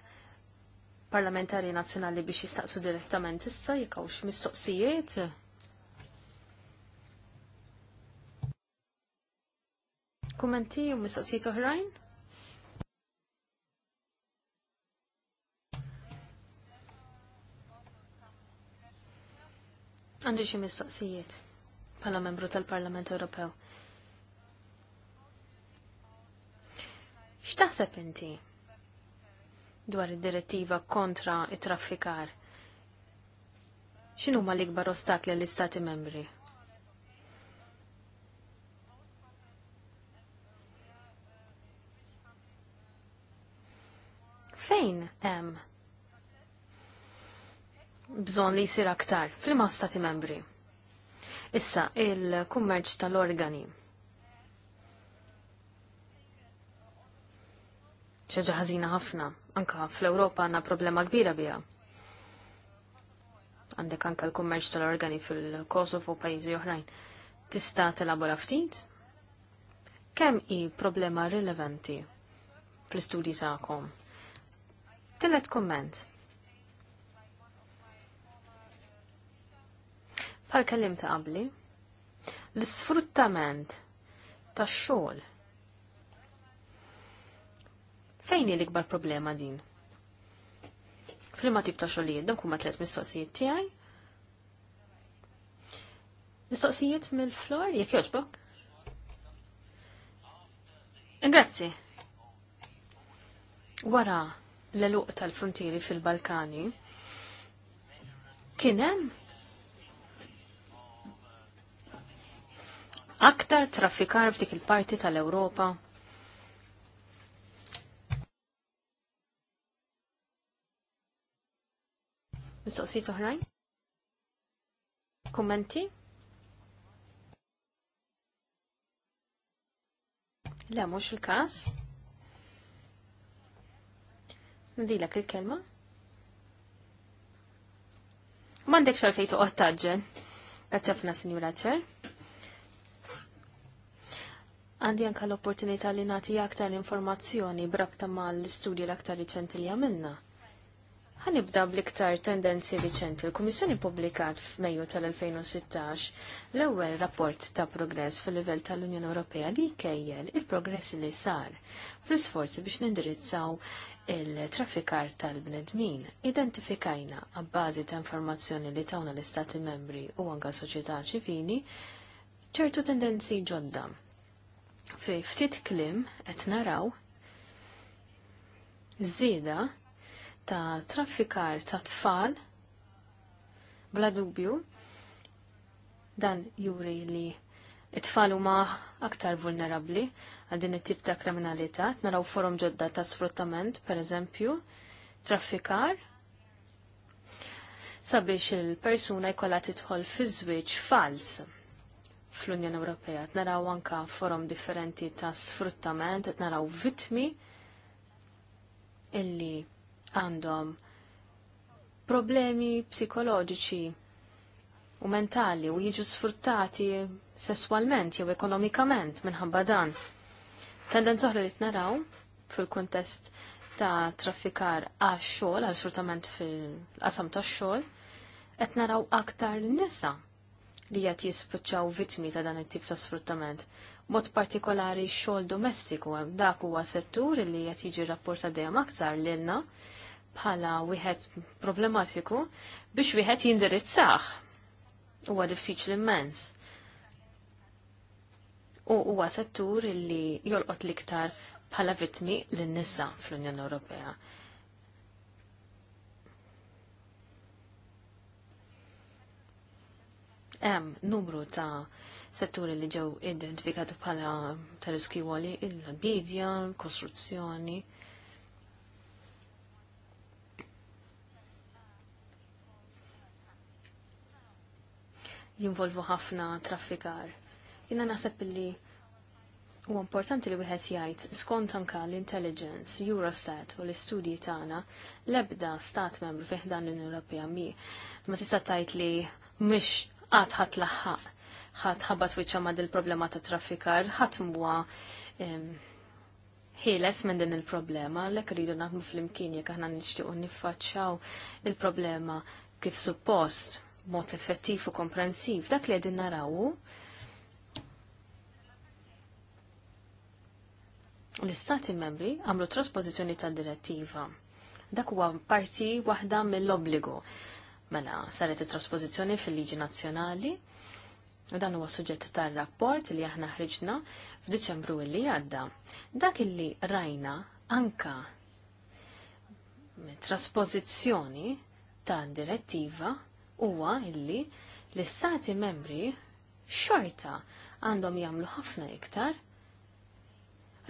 parlamentari nazzjonali biex jistaqsu direttament issa jekk hawnx mistoqsijiet. Kummenti u mistoqsijiet oħrajn? Għandi xi mistoqsijiet bħala membru tal-Parlament Ewropew. X'taħseb inti dwar id-direttiva kontra it-traffikar? X'inhuma l-ikbar ostakli l-Istati membri? fejn hemm bżon li jisir aktar fil ma stati membri. Issa, il-kummerċ tal-organi. ċaġaħazina ħażina ħafna, anka fl-Europa għanna problema kbira bija. Għandek anka l-kummerċ tal-organi fil-Kosovo u pajizi oħrajn. Tista' telabora ftit? Kemm i problema rilevanti fl-istudji tagħkom? Tillet komment. Pal kellim ta' qabli, l-sfruttament ta' xogħol. Fejn hi l-ikbar problema din? Flima tip ta' xogħlijiet, dan kumma tliet mistoqsijiet tiegħi. Mistoqsijiet mill-flor, jekk jogħġbok? Grazzi. Wara l-eluq tal-frontieri fil-Balkani, kienem aktar traffikar f'dik il-parti tal-Ewropa. Mistoqsijiet oħrajn? Kummenti? Le, mhux il-każ. Ndilek il-kelma? Mandek xalfej toqgħod taġġel. Għazzafna, Sinjura Ċer. Għandi anka l-opportunità li nagħti aktar informazzjoni brabta mal-studju l-aktar riċenti li għamilna Ħanibda bl-iktar tendenzi riċenti. Il-Kummissjoni publikat f'Mejju tal-2016 l-ewwel rapport ta' progress fil-livell tal-Unjoni Ewropea li jkejjel il-progress li sar fl-isforzi biex nindirizzaw il-traffikar tal-bnedmin. Identifikajna għabbażi ta' informazzjoni li tawna l-Istati membri u anka soċjetà ċivili ċertu tendenzi ġodda. Fi ftit klim qed naraw żieda ta' traffikar ta' tfal bla dubju dan juri li it-tfal huma aktar vulnerabli għal din it-tip ta' kriminalità, naraw forum ġodda ta' sfruttament, per eżempju, traffikar, sabiex il-persuna jkollha tidħol fi żwieġ fals fl-Unjoni Ewropea. Naraw anka forum differenti ta' sfruttament, naraw vitmi illi għandhom problemi psikoloġiċi u mentali u jiġu sfruttati sessualment jew ekonomikament minħabba dan. Tendenza oħra li naraw fil-kuntest ta' traffikar għax xogħol għal sfruttament fil-qasam tax xogħol qed naraw aktar nisa li qed jispiċċaw vittmi ta' dan it-tip ta' sfruttament. Mod partikolari x-xogħol domestiku dak huwa settur li qed jiġi rapporta dejjem aktar lilna bħala wieħed problematiku biex wieħed jindirizzah. Huwa diffiċli immens. U huwa settur illi jolqot liktar bħala vittmi lin-nisa fl-Unjoni Ewropea. hemm numru ta' setturi li ġew identifikati bħala ta' riskju għali il-bidja, il-kostruzzjoni, jinvolvu ħafna traffikar. Jina naħseb li u importanti li wieħed jgħid skont anka l-intelligence, Eurostat u l-istudji tagħna l-ebda stat membru fih dan l-Unjoni Ewropea mi ma tista' tgħid li mhix qatt ħadd laħħaq ħadd ħabat wiċċa ma' il-problema ta' traffikar, ħadd huwa ħieles minn din il-problema, l rridu naħdmu fl-imkien jekk aħna nixtiequ niffaċċjaw il-problema kif suppost mod effettiv u komprensiv dak li għedin narawu l-istati membri għamlu trasposizjoni tal-direttiva. Dak huwa parti waħda mill-obbligu. Mela, saret it-trasposizjoni fil-liġi nazzjonali u dan huwa suġġett tar-rapport li aħna ħriġna f'Diċembru li għadda. Dak illi rajna anka trasposizjoni ta' direttiva huwa illi l-istati membri xorta għandhom jagħmlu ħafna iktar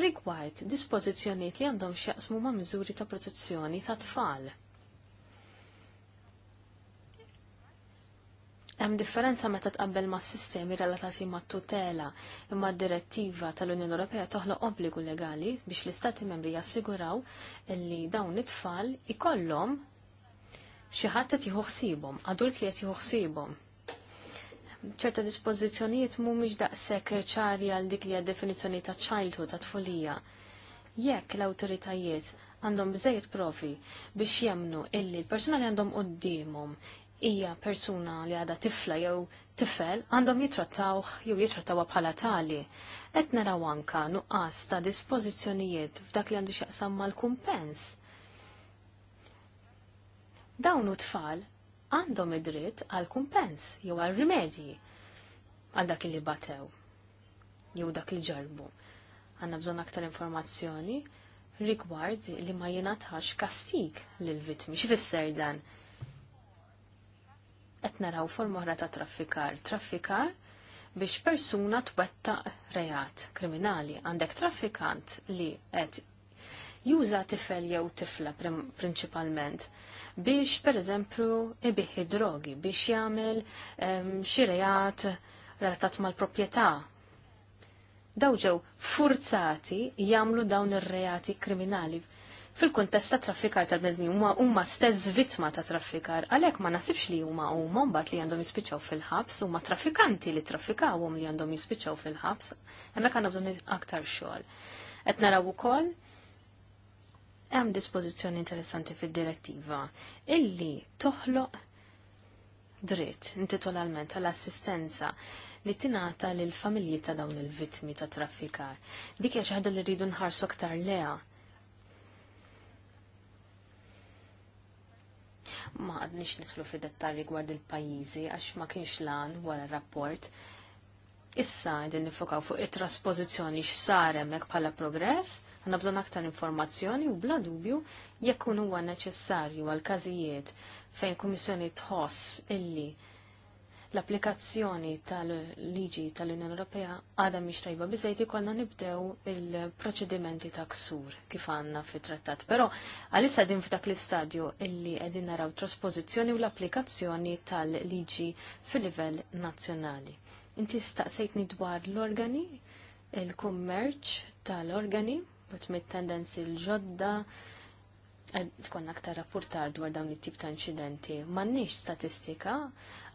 rigward dispożizzjonijiet li għandhom x'jaqsmu ma' miżuri ta' protezzjoni ta' tfal. Hemm differenza meta tqabbel ma' sistemi relatati ma' tutela imma d-direttiva tal-Unjoni Ewropea toħloq obbligu legali biex l-Istati membri jassiguraw li dawn it-tfal ikollhom xi ħadd qed jħossibhom, adult li qed jħossibhom. ċerta dispożizzjonijiet mhumiex daqshekk ċari għal dik li definizzjoni ta' childhood ta' tfulija. Jekk l-awtoritajiet għandhom bżejt profi biex jemnu illi l-persuna li għandhom qudiemhom hija persuna li għadha tifla jew tifel għandhom jitrattawh jew jitrattawha bħala tali. Qed naraw anka nuqqas ta' dispożizzjonijiet f'dak li għandu x'jaqsam mal-kumpens dawn u tfal għandhom id-dritt għal kumpens jew għal rimedji għal dak li batew jew dak li ġarbu. Għanna bżon aktar informazzjoni rigward li ma jenatax kastig l-vitmi. X'fisser dan? Qed naraw form oħra ta' traffikar. Traffikar biex persuna twettaq rejat kriminali. Għandek traffikant li qed juża tifel jew tifla prinċipalment biex per eżempju ibiħi drogi, biex jagħmel xirejat relatat mal-proprjetà. Daw ġew furzati jagħmlu dawn ir-reati kriminali fil-kuntest ta' traffikar tal bnedmi huma huma stess vittma ta' traffikar, għalhekk ma nasibx li huma huma mbagħad li għandhom jispiċċaw fil-ħabs, huma traffikanti li traffikawhom li għandhom jispiċċaw fil-ħabs, hemmhekk għandhom aktar xogħol. Qed naraw ukoll hemm dispożizzjoni interessanti fid-direttiva illi toħloq dritt intitolalment għall assistenza li tingħata lil familji ta' dawn il-vittmi ta' traffikar. Dik hija xi ħaġa li rridu nħarsu aktar leha. Ma għadniex nidħlu fi dettalji gwar il-pajjiżi għax ma kienx lan wara rapport Issa għedin nifokaw fuq it-traspożizzjoni x'sar hemmhekk bħala progress, għandna bżonn aktar informazzjoni u bla dubju jekk huwa neċessarju għal każijiet fejn kummissjoni tħoss illi l-applikazzjoni tal-liġi tal-Unjoni Ewropea għadha mhix tajba biżejt ikollna nibdew il-proċedimenti ta' ksur kif għandna fit-trattat. Però għalissa din f'dak l-istadju illi qegħdin naraw traspożizzjoni u l-applikazzjoni tal-liġi fil-livell nazzjonali. Inti staqsejtni dwar l-organi, il-kummerċ tal-organi, u tmit tendenzi l-ġodda, tkun aktar rapportar dwar dawn it-tip ta' inċidenti. Mannix statistika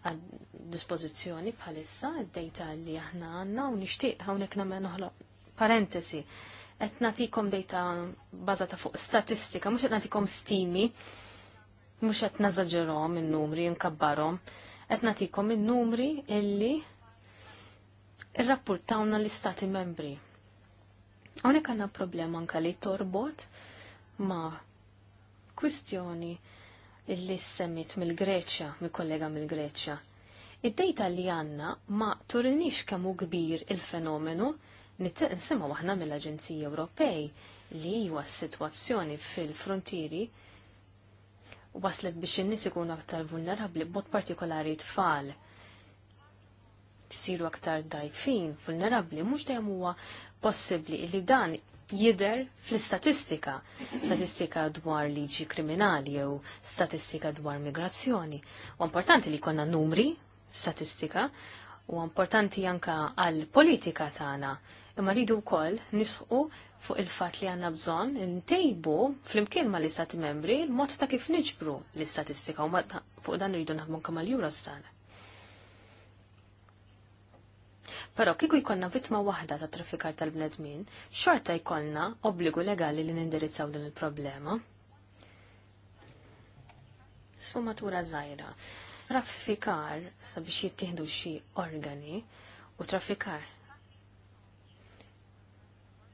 għad dispożizzjoni bħalissa, id-dejta li aħna għanna u nixtieq hawnhekk nagħmel noħloq parentesi. Qed nagħtikom dejta bazata fuq statistika, mhux qed nagħtikom stimi, mhux qed nażaġġerhom in-numri, nkabbarhom, qed nagħtikom in-numri illi irrappurtawna l-istati membri. Għonek għanna problema anka li torbot ma kwistjoni li semmit mill-Greċja, mill kollega mill-Greċja. Id-dejta li għanna ma turinix kamu kbir il-fenomenu nisimaw waħna mill-Aġenziji Ewropej li jwa s-sitwazzjoni fil-frontieri waslet biex in-nies ikun aktar vulnerabbli bot partikolari tfal tisiru aktar dajfin, vulnerabli, mux dejjem huwa possibli li dan jider fl-istatistika, statistika dwar liġi kriminali jew statistika dwar migrazzjoni. U importanti li konna numri, statistika, u importanti anka għal politika tagħna. Imma rridu wkoll nisqu fuq il-fatt li għandna bżonn ntejbu flimkien mal istati membri l-mod ta' kif niġbru l-istatistika u fuq dan rridu naħdmu kemm mal-Eurostat. Però kieku jkollna vittma waħda ta' traffikar tal-bnedmin, xorta jkollna obbligu legali li nindirizzaw din il-problema. Sfumatura żgħira. Traffikar sabiex jittieħdu xi organi u traffikar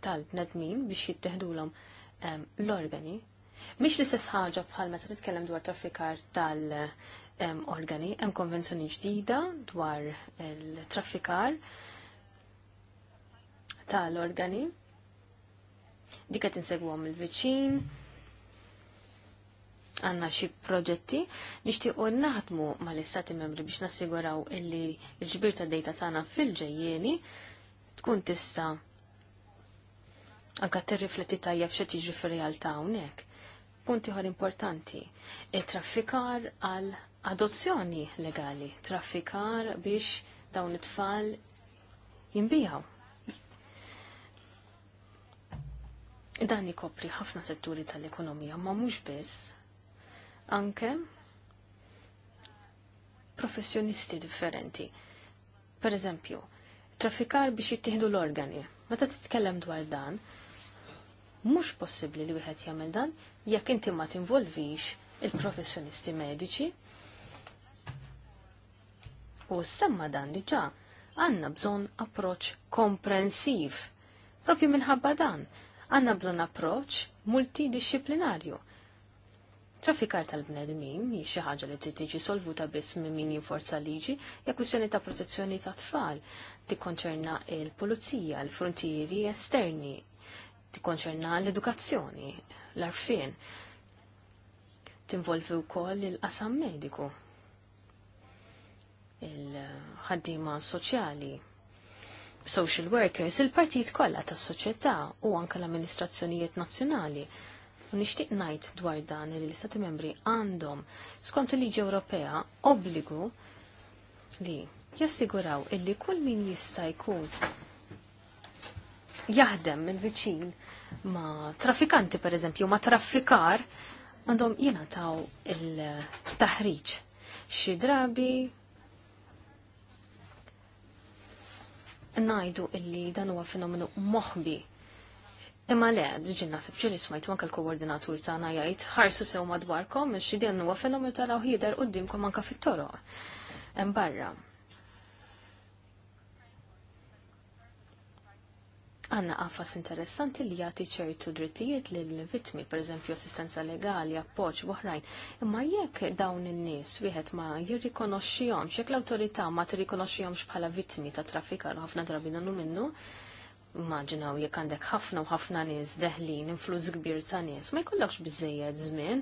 tal-bnedmin biex jittihdu ehm, l-organi. Mhix li istess ħaġa bħal meta titkellem dwar trafikar tal- hemm organi, hemm konvenzjoni ġdida dwar il-traffikar tal-organi. Dik qed insegwhom il-viċin, għanna xi proġetti nixtiequ naħdmu mal-istati membri biex nassiguraw illi l-ġbir ta' dejta tagħna fil ġejjeni tkun tista' anka tirrifletti tajjeb xi tiġri fir hawnhekk. Punti ħor importanti, it-traffikar għal adozzjoni legali, traffikar biex dawn it-tfal jimbijaw. Dan ikopri ħafna setturi tal-ekonomija, ma mhux biss anke professjonisti differenti. Per eżempju, traffikar biex jittieħdu l-organi. Meta titkellem dwar dan, mhux possibbli li wieħed jagħmel dan jekk inti ma tinvolvix il-professjonisti mediċi U semma dan diġa għanna bżon approċ komprensiv. Propju minħabba dan, għanna bżon approċ multidisciplinarju. Traffikar tal-bnedmin xi ħaġa li tiġi solvuta biss minn min jinforza liġi hija kwistjoni ta' protezzjoni ta' tfal tikkonċerna l-pulizija, l-frontieri esterni, tikkonċerna l-edukazzjoni, l-arfien. Tinvolvi wkoll il-qasam mediku il-ħaddima soċjali, social workers, il-partijiet kollha tas-soċjetà u anke l-amministrazzjonijiet nazzjonali. U nixtieq ngħid dwar dan li l-Istati membri għandhom skont il-Liġi Ewropea obbligu li jassiguraw illi kull min jista' jkun jaħdem il-viċin ma trafikanti pereżempju ma traffikar għandhom jingħataw il-taħriġ. Xi drabi najdu illi dan huwa fenomenu moħbi. Imma le, diġin nasib ġili smajtu anka l-koordinatur ta' għana jgħid, ħarsu sew madwarkom, xi din huwa fenomenu taraw ħider qudiemkom anka fit-toroq. Embarra. barra. Għanna għafas interessanti li jagħti ċertu drittijiet lill vittmi pereżempju assistenza legali, appoġġ oħrajn. Imma jekk dawn in-nies wieħed ma jirrikonoxxihomx, jekk l-awtorità ma tirrikonoxxihomx bħala vittmi ta' traffikar ħafna drabi nagħmlu minnu, immaġinaw jekk għandek ħafna u ħafna nies deħlin, influss kbir ta' nies, ma jkollokx biżejjed żmien,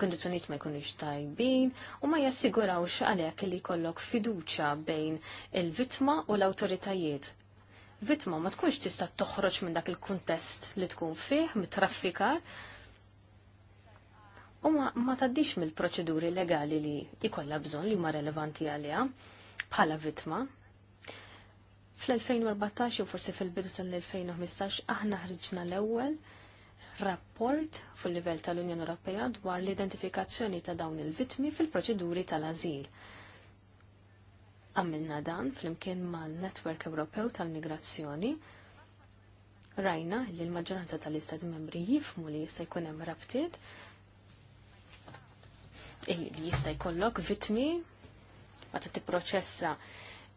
kondizzjonijiet ma jkunux tajbin u ma jassigurawx għalhekk li jkollok fiduċja bejn il-vittma u l-awtoritajiet vittma ma tkunx tista' toħroġ minn dak il-kuntest li tkun fih, mit-traffikar, u ma, ma taddix mill-proċeduri legali li ikolla bżonn li ma relevanti għalija bħala vittma. Fl-2014 u forsi fil-bidu tal-2015 aħna ħriġna l-ewwel rapport fil livell tal-Unjoni Ewropea dwar l-identifikazzjoni ta' dawn il-vittmi fil-proċeduri tal-azil. Għamilna dan flimkien mal-Network Ewropew tal-Migrazzjoni. Rajna li l-maġġoranza tal-Istati membri jifmu li jista' jkun hemm rabtiet li jista' jkollok vitmi meta tipproċessa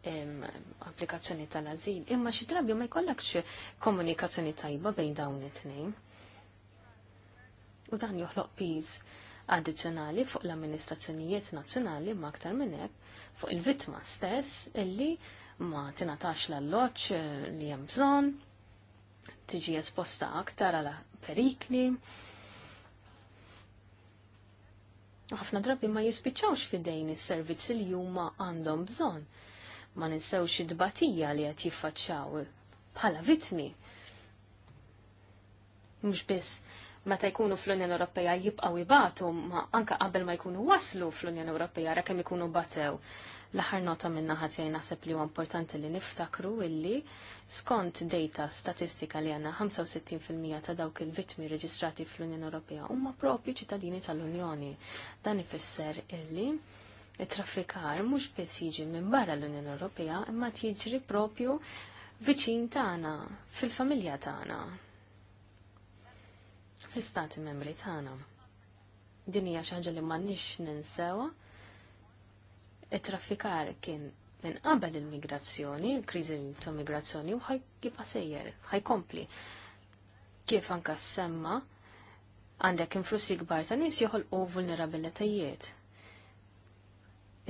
applikazzjoni tal-azil, imma xi drabi ma jkollokx komunikazzjoni tajba bejn dawn it-tnejn. U dan joħloq piż addizjonali fuq l-amministrazzjonijiet nazzjonali ma' aktar minn hekk fuq il-vittma stess illi ma tingħatax l-alloċ eh, li hemm bżonn, tiġi esposta aktar għal perikli. Ħafna drabi ma jispiċċawx fidejn is-servizzi li huma għandhom bżonn. Ma ninsewx id-batija li qed jiffaċċaw bħala vittmi. Mhux biss meta jkunu fl-Unjoni Ewropea jibqgħu jibatu ma qabel ma jkunu waslu fl-Unjoni Ewropea ra kemm ikunu batew. L-aħħar nota minna jgħid naħseb li huwa importanti li niftakru illi skont data statistika li għandna 65% ta' dawk il-vittmi reġistrati fl-Unjoni Ewropea huma propju ċittadini tal-Unjoni. Dan ifisser illi it-traffikar mhux biss jiġi minn barra l-Unjoni Ewropea imma tiġri propju viċin tagħna, fil-familja tagħna fl-istati membri tagħna. Din hija xi ħaġa li m'għandniex ninsewa. It-traffikar kien minn qabel il-migrazzjoni, il-kriżi ta' migrazzjoni u ħajjibqa' sejjer, ħajkompli. Kif anka semma għandek influssi kbar ta' nies u vulnerabilitajiet.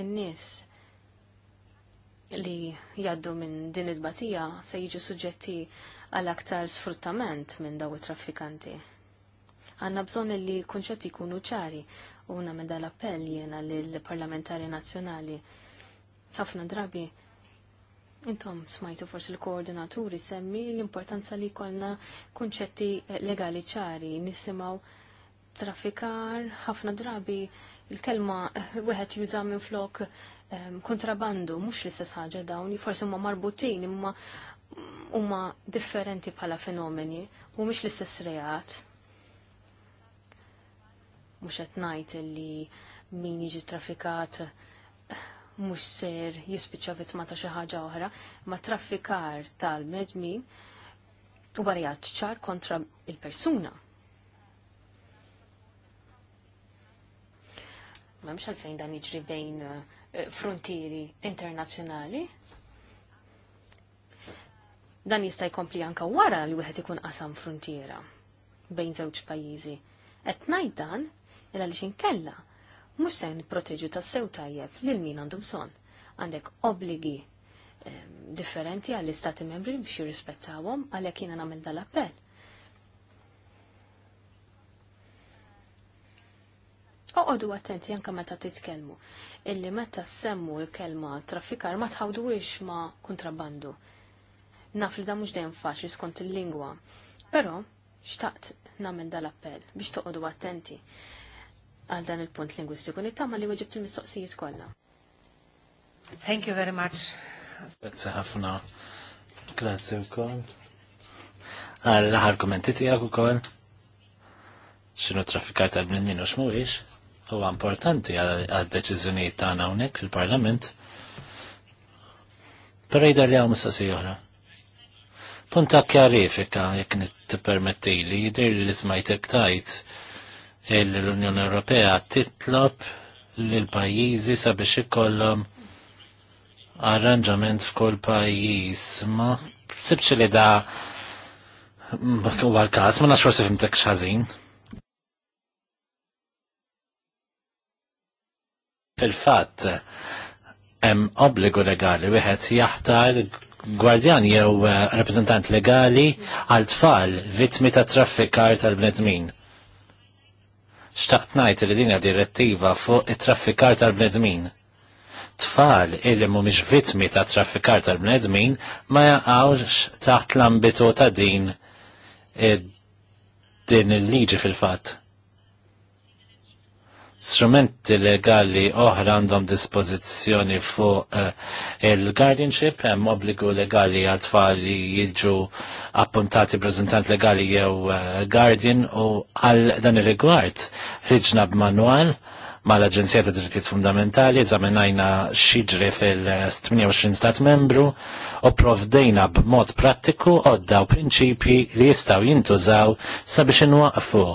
In-nies li jaddu minn din it-batija se jiġu suġġetti għal aktar sfruttament minn daw it-traffikanti. Għanna bżon li l-kunċetti jkunu ċari u meda l appell jena l-parlamentari nazjonali. ħafna drabi Intom smajtu forsi l-koordinaturi semmi l-importanza li kolna kunċetti legali ċari, nisimaw trafikar, ħafna drabi il-kelma wieħed juża minn flok ehm, kontrabandu, mhux l-istess ħaġa dawn, forsi huma marbutin imma huma differenti bħala fenomeni u mhux l-istess reat mhux qed ngħid li min jiġi traffikat mhux ser jispiċċa vittma ta' xi ħaġa oħra, ma traffikar tal-medmin u barijat ċar kontra il-persuna. Ma mx għalfejn dan jiġri bejn eh, frontieri internazzjonali. Dan jista' jkompli anka wara li wieħed ikun qasam frontiera bejn żewġ pajjiżi. Qed ngħid dan illa li xinkella mux se niproteġu ta' sew tajjeb lil min għandu bżonn. Għandek obligi ehm, differenti għall-istati membri biex jirrispettawhom għalhekk jiena nagħmel dal-appell. Oqodu attenti anke meta titkellmu. Illi meta semmu l-kelma traffikar ma tħawduwix ma kontrabbandu. Naf li da mhux dejjem faċli skont il-lingwa. Però xtaqt nagħmel dal-appell biex toqodu attenti għal dan il-punt lingwistiku. Nittama li weġibt il-mistoqsijiet kollha. Thank you very much. Grazie ħafna. Grazie wkoll. Għal l-aħħar għak tiegħek ukoll. X'inhu trafikat tal-bnin minn u x'mhuwiex huwa importanti għad deċiżjonijiet tagħna hawnhekk fil-Parlament. Però jidar li hawn mistoqsi oħra. Punta kjarifika jekk nit jidher li li smajtek tajt l-Unjoni Ewropea titlob lil pajjiżi sabiex ikollhom arranġament f'kull pajjiż. Ma sibx li da huwa każ, ma nafx forsi fimtek x'ħażin. Fil-fatt, hemm obbligu legali wieħed jaħtar gwardjan jew eh, rappreżentant legali għal tfal vittmi ta' traffikar tal-bnedmin. Xtaqt ngħid li dinja direttiva fuq it-traffikar tal-bnedmin. Tfal illi mhumiex vittmi ta' traffikar tal-bnedmin ma jaqgħux taħt l-ambitu ta' din din il-liġi fil-fatt strumenti legali oħra għandhom dispożizzjoni fuq uh, il-guardianship, hemm obbligu legali għal tfal li jiġu appuntati preżentant legali jew uh, guardian u għal dan ir-rigward ħriġna b'manwal mal-Aġenzija ta' Drittijiet Fundamentali, eżaminajna xiġri fil-28 stat membru u provdejna b'mod prattiku għodda u prinċipji li jistaw jintużaw sabiex inwaqfu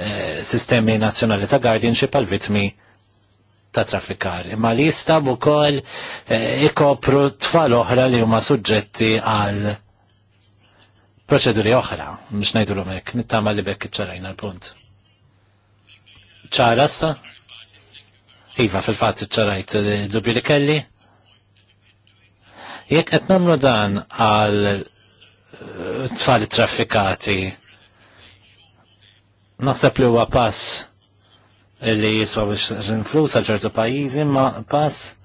Eh, sistemi nazzjonali ta' guardianship għal vitmi ta' traffikar. Imma li jistab kol eh, ikopru tfal oħra li huma suġġetti għal proċeduri oħra, mhux ngħidulhom hekk, nittama li bekk iċċarajna l-punt. Ċara sa? Iva fil fat ċarajt eh, dubju li kelli. Jekk qed nagħmlu dan għal tfal traffikati, naħseb li huwa pass li jiswa biex ġinflus għal ċertu pajjiżi, ma pass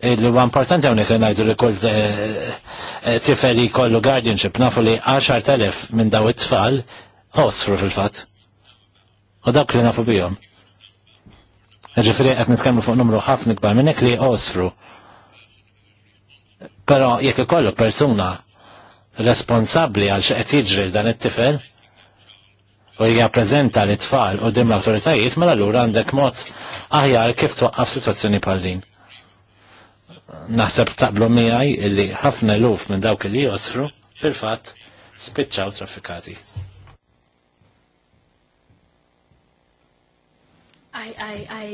li huwa importanti hawnhekk li ngħidu li kull eh, eh, tifeli jkollu guardianship nafu li 10,000 minn daw it-tfal osru fil-fatt. U dawk li nafu bihom. Ġifieri qed nitkellmu fuq numru ħafna kbar minn hekk li osfru. Però jekk ikollu persuna responsabbli għal x'qed jiġri dan it-tifel u jappreżenta l tfal u dim l-awtoritajiet mela lura għandek mod aħjar kif twaqqaf sitwazzjoni bħal din. Naħseb taqblu miegħi illi ħafna luf minn dawk li josfru fil-fatt spiċċaw traffikati. I, I, I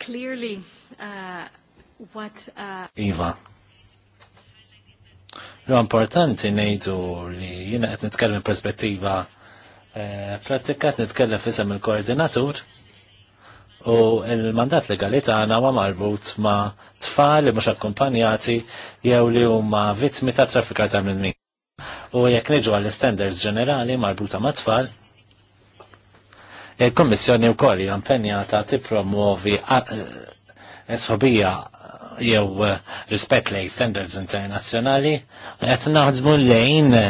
clearly uh, Uh, iva. Lo importanti nejdu li jina għet nitkellem perspettiva e, pratika għet nitkellem fissam il-koordinatur u il-mandat legali tagħna ma marbut ma' tfal li mhux akkumpanjati jew li huma vittmi ta' trafika ta' minn U jekk niġu għall-standards ġenerali marbuta ma' tfal, il-Kommissjoni wkoll hija impenjata tippromuovi eh, eh, sħobija jew uh, rispett lej standards internazzjonali, qed naħdmu lejn uh,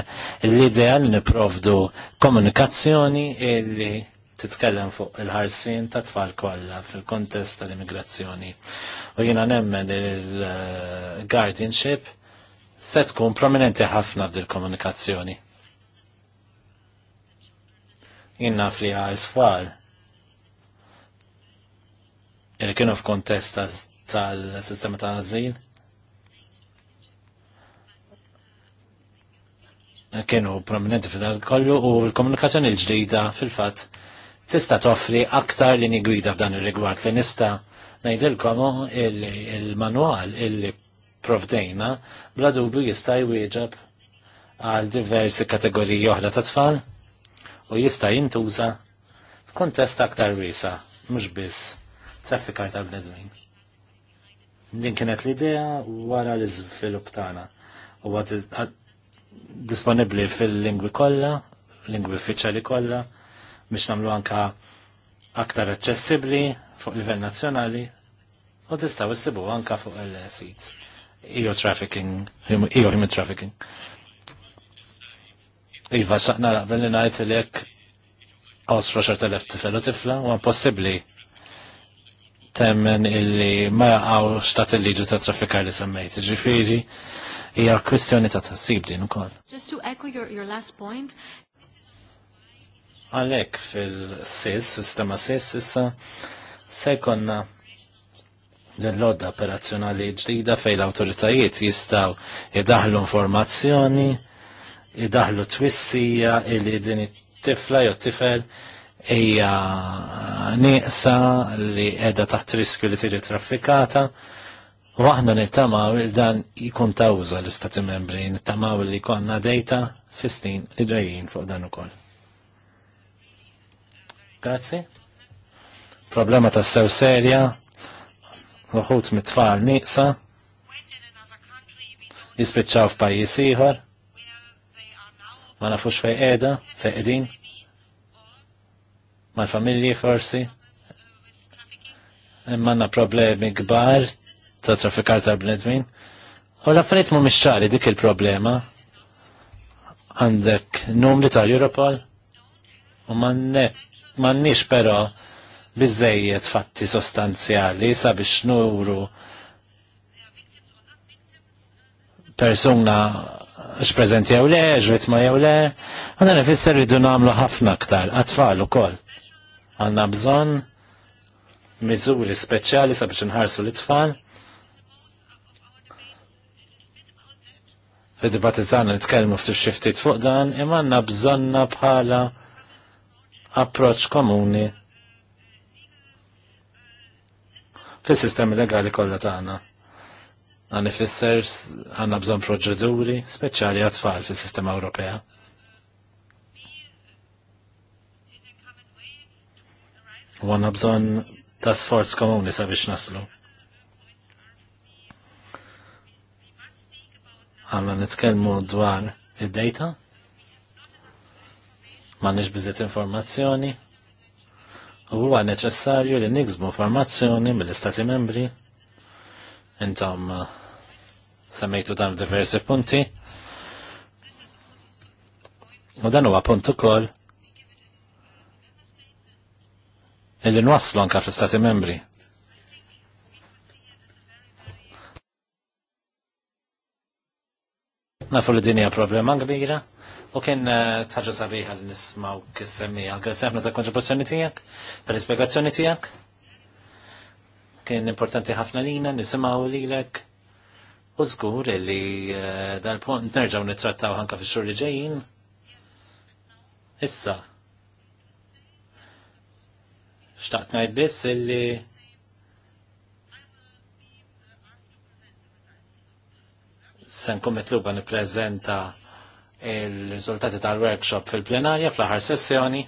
l-idea li niprovdu komunikazzjoni illi titkellem fuq il-ħarsin ta' tfal kollha fil-kontest tal-immigrazzjoni. U jiena nemmen il-guardianship uh, se tkun prominenti ħafna fil komunikazzjoni. Jien naf li għal tfal li kienu f'kontest tal-sistema ta' azil. Kienu prominenti fil kollu u l-komunikazzjoni l-ġdida fil-fat tista' toffri aktar li gwida f'dan ir-rigward li nista' najdilkom il-manwal illi provdejna bla dubju jista' jwieġeb għal diversi kategoriji oħra ta' tfal u jista' jintuża f'kuntest aktar wiesa, mhux biss traffikar tal-bnedmin. Din kienet l-idea wara l-izvilup tagħna. U għat disponibbli fil-lingwi kollha, lingwi uffiċjali kollha, biex nagħmlu anka aktar aċċessibbli fuq livell nazzjonali u tistgħu issibu anka fuq e il-sit. Io e trafficking, io e human trafficking. Iva, xaqna raqbel li najt li jek għosru xartelef tifel u tifla, u għan possibli temmen illi ma għaw stat il-liġu ta' traffikar li semmejt. Ġifiri, hija kwistjoni ta' tassib din ukoll. Just to echo your, your last point. Għalek fil-SIS, sistema SIS, issa sekonna dell lodda operazzjonali ġdida fej l-autoritajiet jistaw jidaħlu informazzjoni, jidaħlu twissija illi din it-tifla jew tifel hija nieqsa li qiegħda taħt riskju li tiġi traffikata. U aħna nittamaw il dan jikun tawża l-Istati Membri, nittamaw li konna dejta fis-snin li ġejjin fuq dan ukoll. Grazzi. Problema ta' sew serja, uħut mit-tfal nieqsa, jispiċċaw f'pajjiż ieħor, ma nafux fejn qiegħda, fej qegħdin mal-familji forsi. Imma problemi kbar ta' traffikar tal-bnedmin. U l-affarijiet mu ċari dik il-problema. Għandek numri tal-Europol u mannix però bizzejiet fatti sostanzjali sabiex nuru persuna x-prezent jew le, x-vitma jew le, għanna nifisser ridu namlu ħafna ktar, għatfall u koll. Għanna bżon mizuri speċjali sabiex nħarsu l-itfal. Fid-dibattizan nitkellmu ftit xiftit fuq dan, imma għandna bżonna bħala approċ komuni fis-sistemi legali kollha tagħna. Għan ifisser għanna bżon proċeduri speċjali għat-tfal fis-sistema Ewropea. u għanna bżon ta' sforz komuni sabiex naslu. Għanna nitkellmu dwar id-data, ma nix informazzjoni, u huwa neċessarju li niksbu informazzjoni mill-Istati membri, intom eh, semmejtu dan diversi punti, u dan huwa punt ukoll illi nwasslu anka fl istati membri. Nafu li dinja problema kbira u kien taġa eh, sabiħa li nismaw kis-semmija. Grazzi ħafna ta' kontribuzzjoni tiegħek, tal-ispjegazzjoni tiegħek. Kien importanti ħafna lina, nisimgħu lilek. U żgur li eh, dal-punt nerġgħu nittrattaw anke fix-xhur li ġejjin. Issa, Xtaqt ngħid biss illi sen kummet luba niprezenta il-rizultati tal-workshop fil-plenarja fl-aħar sessjoni.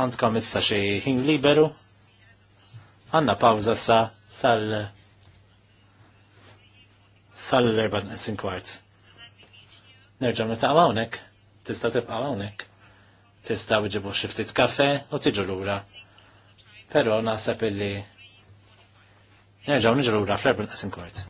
Għandkom issa xi ħin liberu. Għanna pawza sa sal sal l-erba' kwart. Nerġa' nitaqgħu hawnhekk tista' tibqa' hawnhekk. Tista' iġibu xi ftit kafe u tiġu lura. Però naħseb illi nerġgħu niġu lura fl erbin naqsim kort.